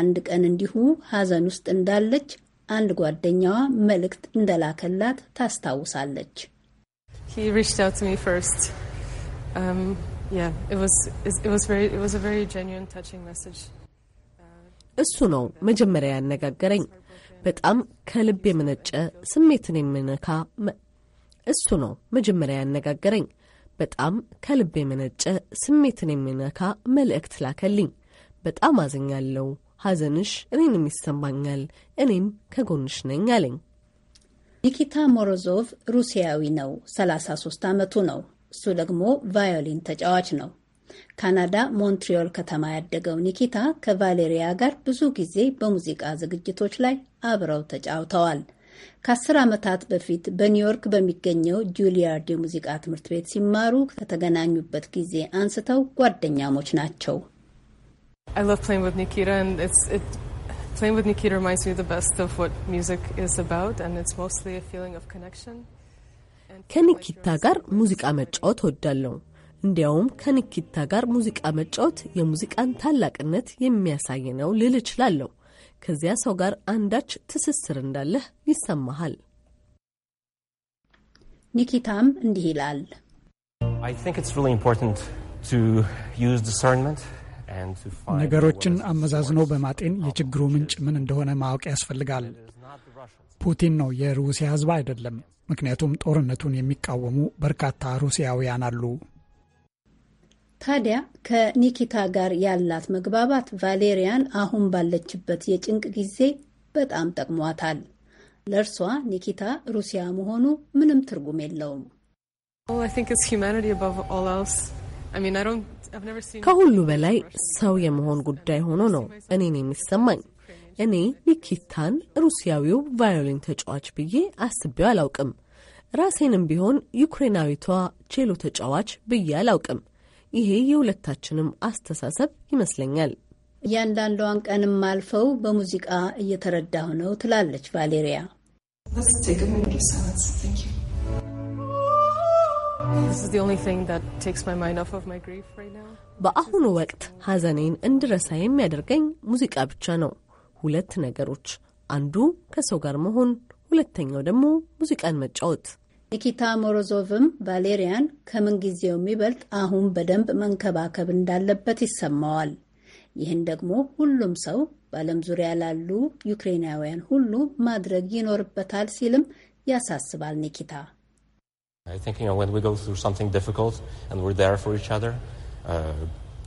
አንድ ቀን እንዲሁ ሀዘን ውስጥ እንዳለች አንድ ጓደኛዋ መልእክት እንደላከላት ታስታውሳለች። um, እሱ ነው መጀመሪያ ያነጋገረኝ። በጣም ከልብ የመነጨ ስሜትን የሚነካ እሱ ነው መጀመሪያ ያነጋገረኝ። በጣም ከልብ የመነጨ ስሜትን የሚነካ መልእክት ላከልኝ። በጣም አዝኛለሁ። ሐዘንሽ እኔንም ይሰማኛል። እኔም ከጎንሽ ነኝ አለኝ። ኒኪታ ሞሮዞቭ ሩሲያዊ ነው። 33 ዓመቱ ነው። እሱ ደግሞ ቫዮሊን ተጫዋች ነው። ካናዳ ሞንትሪዮል ከተማ ያደገው ኒኪታ ከቫሌሪያ ጋር ብዙ ጊዜ በሙዚቃ ዝግጅቶች ላይ አብረው ተጫውተዋል። ከአስር ዓመታት በፊት በኒውዮርክ በሚገኘው ጁሊያርድ የሙዚቃ ትምህርት ቤት ሲማሩ ከተገናኙበት ጊዜ አንስተው ጓደኛሞች ናቸው። ከኒኪታ ጋር ሙዚቃ መጫወት ወዳለው እንዲያውም ከኒኪታ ጋር ሙዚቃ መጫወት የሙዚቃን ታላቅነት የሚያሳይ ነው ልል እችላለሁ። ከዚያ ሰው ጋር አንዳች ትስስር እንዳለህ ይሰማሃል። ኒኪታም እንዲህ ይላል። ነገሮችን አመዛዝኖ በማጤን የችግሩ ምንጭ ምን እንደሆነ ማወቅ ያስፈልጋል። ፑቲን ነው የሩሲያ ሕዝብ አይደለም። ምክንያቱም ጦርነቱን የሚቃወሙ በርካታ ሩሲያውያን አሉ። ታዲያ ከኒኪታ ጋር ያላት መግባባት ቫሌሪያን አሁን ባለችበት የጭንቅ ጊዜ በጣም ጠቅሟታል። ለእርሷ ኒኪታ ሩሲያ መሆኑ ምንም ትርጉም የለውም። oh, ከሁሉ በላይ ሰው የመሆን ጉዳይ ሆኖ ነው እኔን የሚሰማኝ። እኔ ኒኪታን ሩሲያዊው ቫዮሊን ተጫዋች ብዬ አስቤው አላውቅም። ራሴንም ቢሆን ዩክሬናዊቷ ቼሎ ተጫዋች ብዬ አላውቅም። ይሄ የሁለታችንም አስተሳሰብ ይመስለኛል። እያንዳንዷን ቀንም አልፈው በሙዚቃ እየተረዳሁ ነው ትላለች ቫሌሪያ። በአሁኑ ወቅት ሐዘኔን እንድረሳ የሚያደርገኝ ሙዚቃ ብቻ ነው። ሁለት ነገሮች፣ አንዱ ከሰው ጋር መሆን፣ ሁለተኛው ደግሞ ሙዚቃን መጫወት። ኒኪታ ሞሮዞቭም ቫሌሪያን ከምንጊዜው የሚበልጥ አሁን በደንብ መንከባከብ እንዳለበት ይሰማዋል። ይህን ደግሞ ሁሉም ሰው በዓለም ዙሪያ ላሉ ዩክሬናውያን ሁሉ ማድረግ ይኖርበታል ሲልም ያሳስባል ኒኪታ።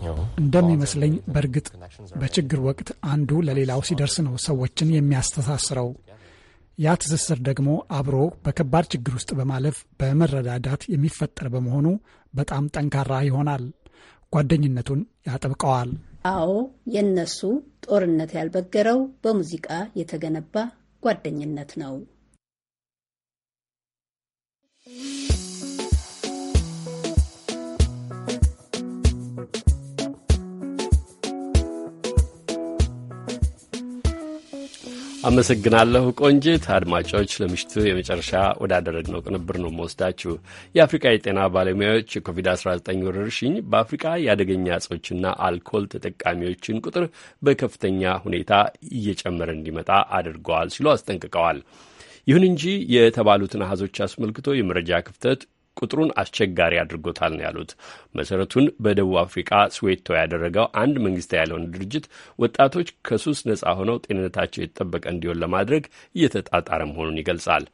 uh, እንደሚመስለኝ በእርግጥ በችግር ወቅት አንዱ ለሌላው ሲደርስ ነው ሰዎችን የሚያስተሳስረው። ያ ትስስር ደግሞ አብሮ በከባድ ችግር ውስጥ በማለፍ በመረዳዳት የሚፈጠር በመሆኑ በጣም ጠንካራ ይሆናል፣ ጓደኝነቱን ያጠብቀዋል። አዎ የእነሱ ጦርነት ያልበገረው በሙዚቃ የተገነባ ጓደኝነት ነው። አመሰግናለሁ ቆንጂት። አድማጮች ለምሽቱ የመጨረሻ ወዳደረግነው ቅንብር ነው መወስዳችሁ። የአፍሪካ የጤና ባለሙያዎች የኮቪድ-19 ወረርሽኝ በአፍሪካ የአደገኛ እጾችና አልኮል ተጠቃሚዎችን ቁጥር በከፍተኛ ሁኔታ እየጨመረ እንዲመጣ አድርገዋል ሲሉ አስጠንቅቀዋል። ይሁን እንጂ የተባሉትን አሃዞች አስመልክቶ የመረጃ ክፍተት ቁጥሩን አስቸጋሪ አድርጎታል ነው ያሉት። መሰረቱን በደቡብ አፍሪቃ ስዌቶ ያደረገው አንድ መንግስት ያልሆነ ድርጅት ወጣቶች ከሱስ ነጻ ሆነው ጤንነታቸው የተጠበቀ እንዲሆን ለማድረግ እየተጣጣረ መሆኑን ይገልጻል።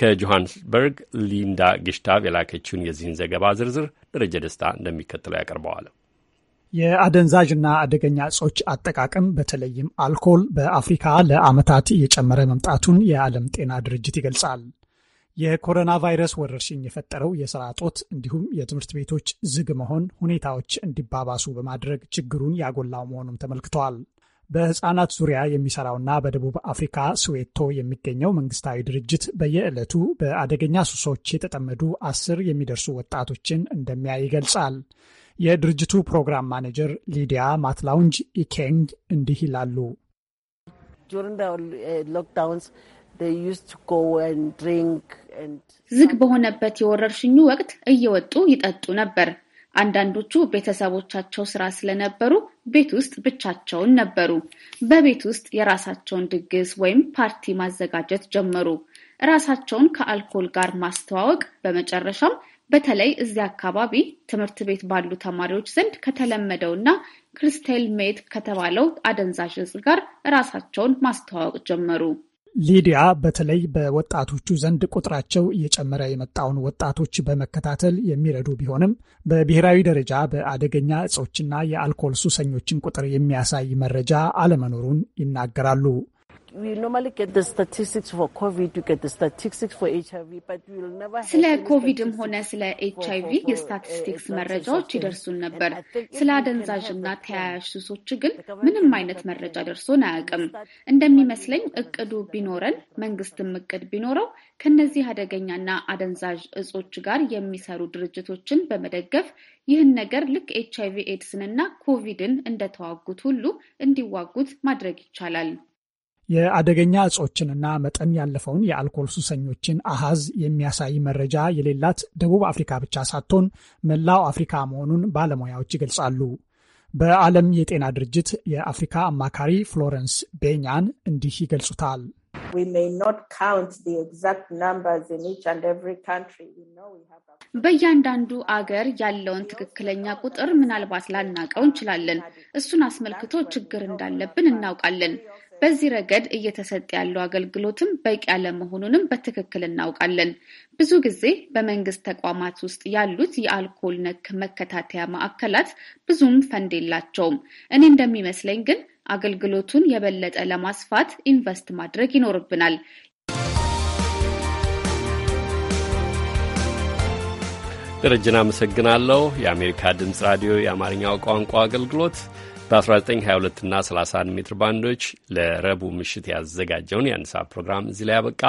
ከጆሃንስበርግ ሊንዳ ግሽታቭ የላከችውን የዚህን ዘገባ ዝርዝር ደረጀ ደስታ እንደሚከተለው ያቀርበዋል። የአደንዛዥና አደገኛ እጾች አጠቃቀም በተለይም አልኮል በአፍሪካ ለአመታት እየጨመረ መምጣቱን የዓለም ጤና ድርጅት ይገልጻል። የኮሮና ቫይረስ ወረርሽኝ የፈጠረው የስራ ጦት እንዲሁም የትምህርት ቤቶች ዝግ መሆን ሁኔታዎች እንዲባባሱ በማድረግ ችግሩን ያጎላው መሆኑም ተመልክተዋል። በህፃናት ዙሪያ የሚሰራውና በደቡብ አፍሪካ ስዌቶ የሚገኘው መንግስታዊ ድርጅት በየዕለቱ በአደገኛ ሱሶች የተጠመዱ አስር የሚደርሱ ወጣቶችን እንደሚያይ ይገልጻል። የድርጅቱ ፕሮግራም ማኔጀር ሊዲያ ማትላውንጅ ኢኬንግ እንዲህ ይላሉ። ዱሪንግ ሎክዳውንስ ዩስ ጎ ድሪንክ ዝግ በሆነበት የወረርሽኙ ወቅት እየወጡ ይጠጡ ነበር። አንዳንዶቹ ቤተሰቦቻቸው ስራ ስለነበሩ ቤት ውስጥ ብቻቸውን ነበሩ። በቤት ውስጥ የራሳቸውን ድግስ ወይም ፓርቲ ማዘጋጀት ጀመሩ። ራሳቸውን ከአልኮል ጋር ማስተዋወቅ፣ በመጨረሻም በተለይ እዚያ አካባቢ ትምህርት ቤት ባሉ ተማሪዎች ዘንድ ከተለመደውና ክሪስቴል ሜት ከተባለው አደንዛዥ እጽ ጋር ራሳቸውን ማስተዋወቅ ጀመሩ። ሊዲያ በተለይ በወጣቶቹ ዘንድ ቁጥራቸው እየጨመረ የመጣውን ወጣቶች በመከታተል የሚረዱ ቢሆንም በብሔራዊ ደረጃ በአደገኛ እጾችና የአልኮል ሱሰኞችን ቁጥር የሚያሳይ መረጃ አለመኖሩን ይናገራሉ። ስለ ኮቪድም ሆነ ስለ ኤች አይቪ የስታቲስቲክስ መረጃዎች ይደርሱን ነበር። ስለ አደንዛዥና ተያያዥ ሱሶች ግን ምንም አይነት መረጃ ደርሶን አያውቅም። እንደሚመስለኝ እቅዱ ቢኖረን መንግስትም እቅድ ቢኖረው ከነዚህ አደገኛና አደንዛዥ እጾች ጋር የሚሰሩ ድርጅቶችን በመደገፍ ይህን ነገር ልክ ኤች አይቪ ኤድስንና ኮቪድን እንደተዋጉት ሁሉ እንዲዋጉት ማድረግ ይቻላል። የአደገኛ እጾችንና መጠን ያለፈውን የአልኮል ሱሰኞችን አሃዝ የሚያሳይ መረጃ የሌላት ደቡብ አፍሪካ ብቻ ሳትሆን መላው አፍሪካ መሆኑን ባለሙያዎች ይገልጻሉ። በዓለም የጤና ድርጅት የአፍሪካ አማካሪ ፍሎረንስ ቤኛን እንዲህ ይገልጹታል። በእያንዳንዱ አገር ያለውን ትክክለኛ ቁጥር ምናልባት ላናቀው እንችላለን። እሱን አስመልክቶ ችግር እንዳለብን እናውቃለን። በዚህ ረገድ እየተሰጠ ያለው አገልግሎትም በቂ አለመሆኑንም በትክክል እናውቃለን። ብዙ ጊዜ በመንግስት ተቋማት ውስጥ ያሉት የአልኮል ነክ መከታተያ ማዕከላት ብዙም ፈንድ የላቸውም። እኔ እንደሚመስለኝ ግን አገልግሎቱን የበለጠ ለማስፋት ኢንቨስት ማድረግ ይኖርብናል። ደረጀን አመሰግናለሁ። የአሜሪካ ድምፅ ራዲዮ የአማርኛው ቋንቋ አገልግሎት በ1922 እና 31 ሜትር ባንዶች ለረቡዕ ምሽት ያዘጋጀውን የአንድ ሰዓት ፕሮግራም እዚህ ላይ ያበቃ።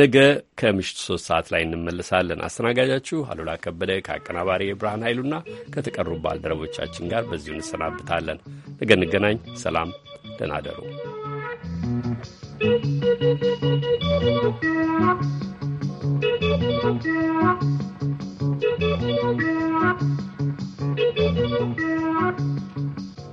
ነገ ከምሽቱ ሶስት ሰዓት ላይ እንመለሳለን። አስተናጋጃችሁ አሉላ ከበደ ከአቀናባሪ የብርሃን ኃይሉና ከተቀሩ ባልደረቦቻችን ጋር በዚሁ እንሰናብታለን። ነገ እንገናኝ። ሰላም፣ ደህና እደሩ።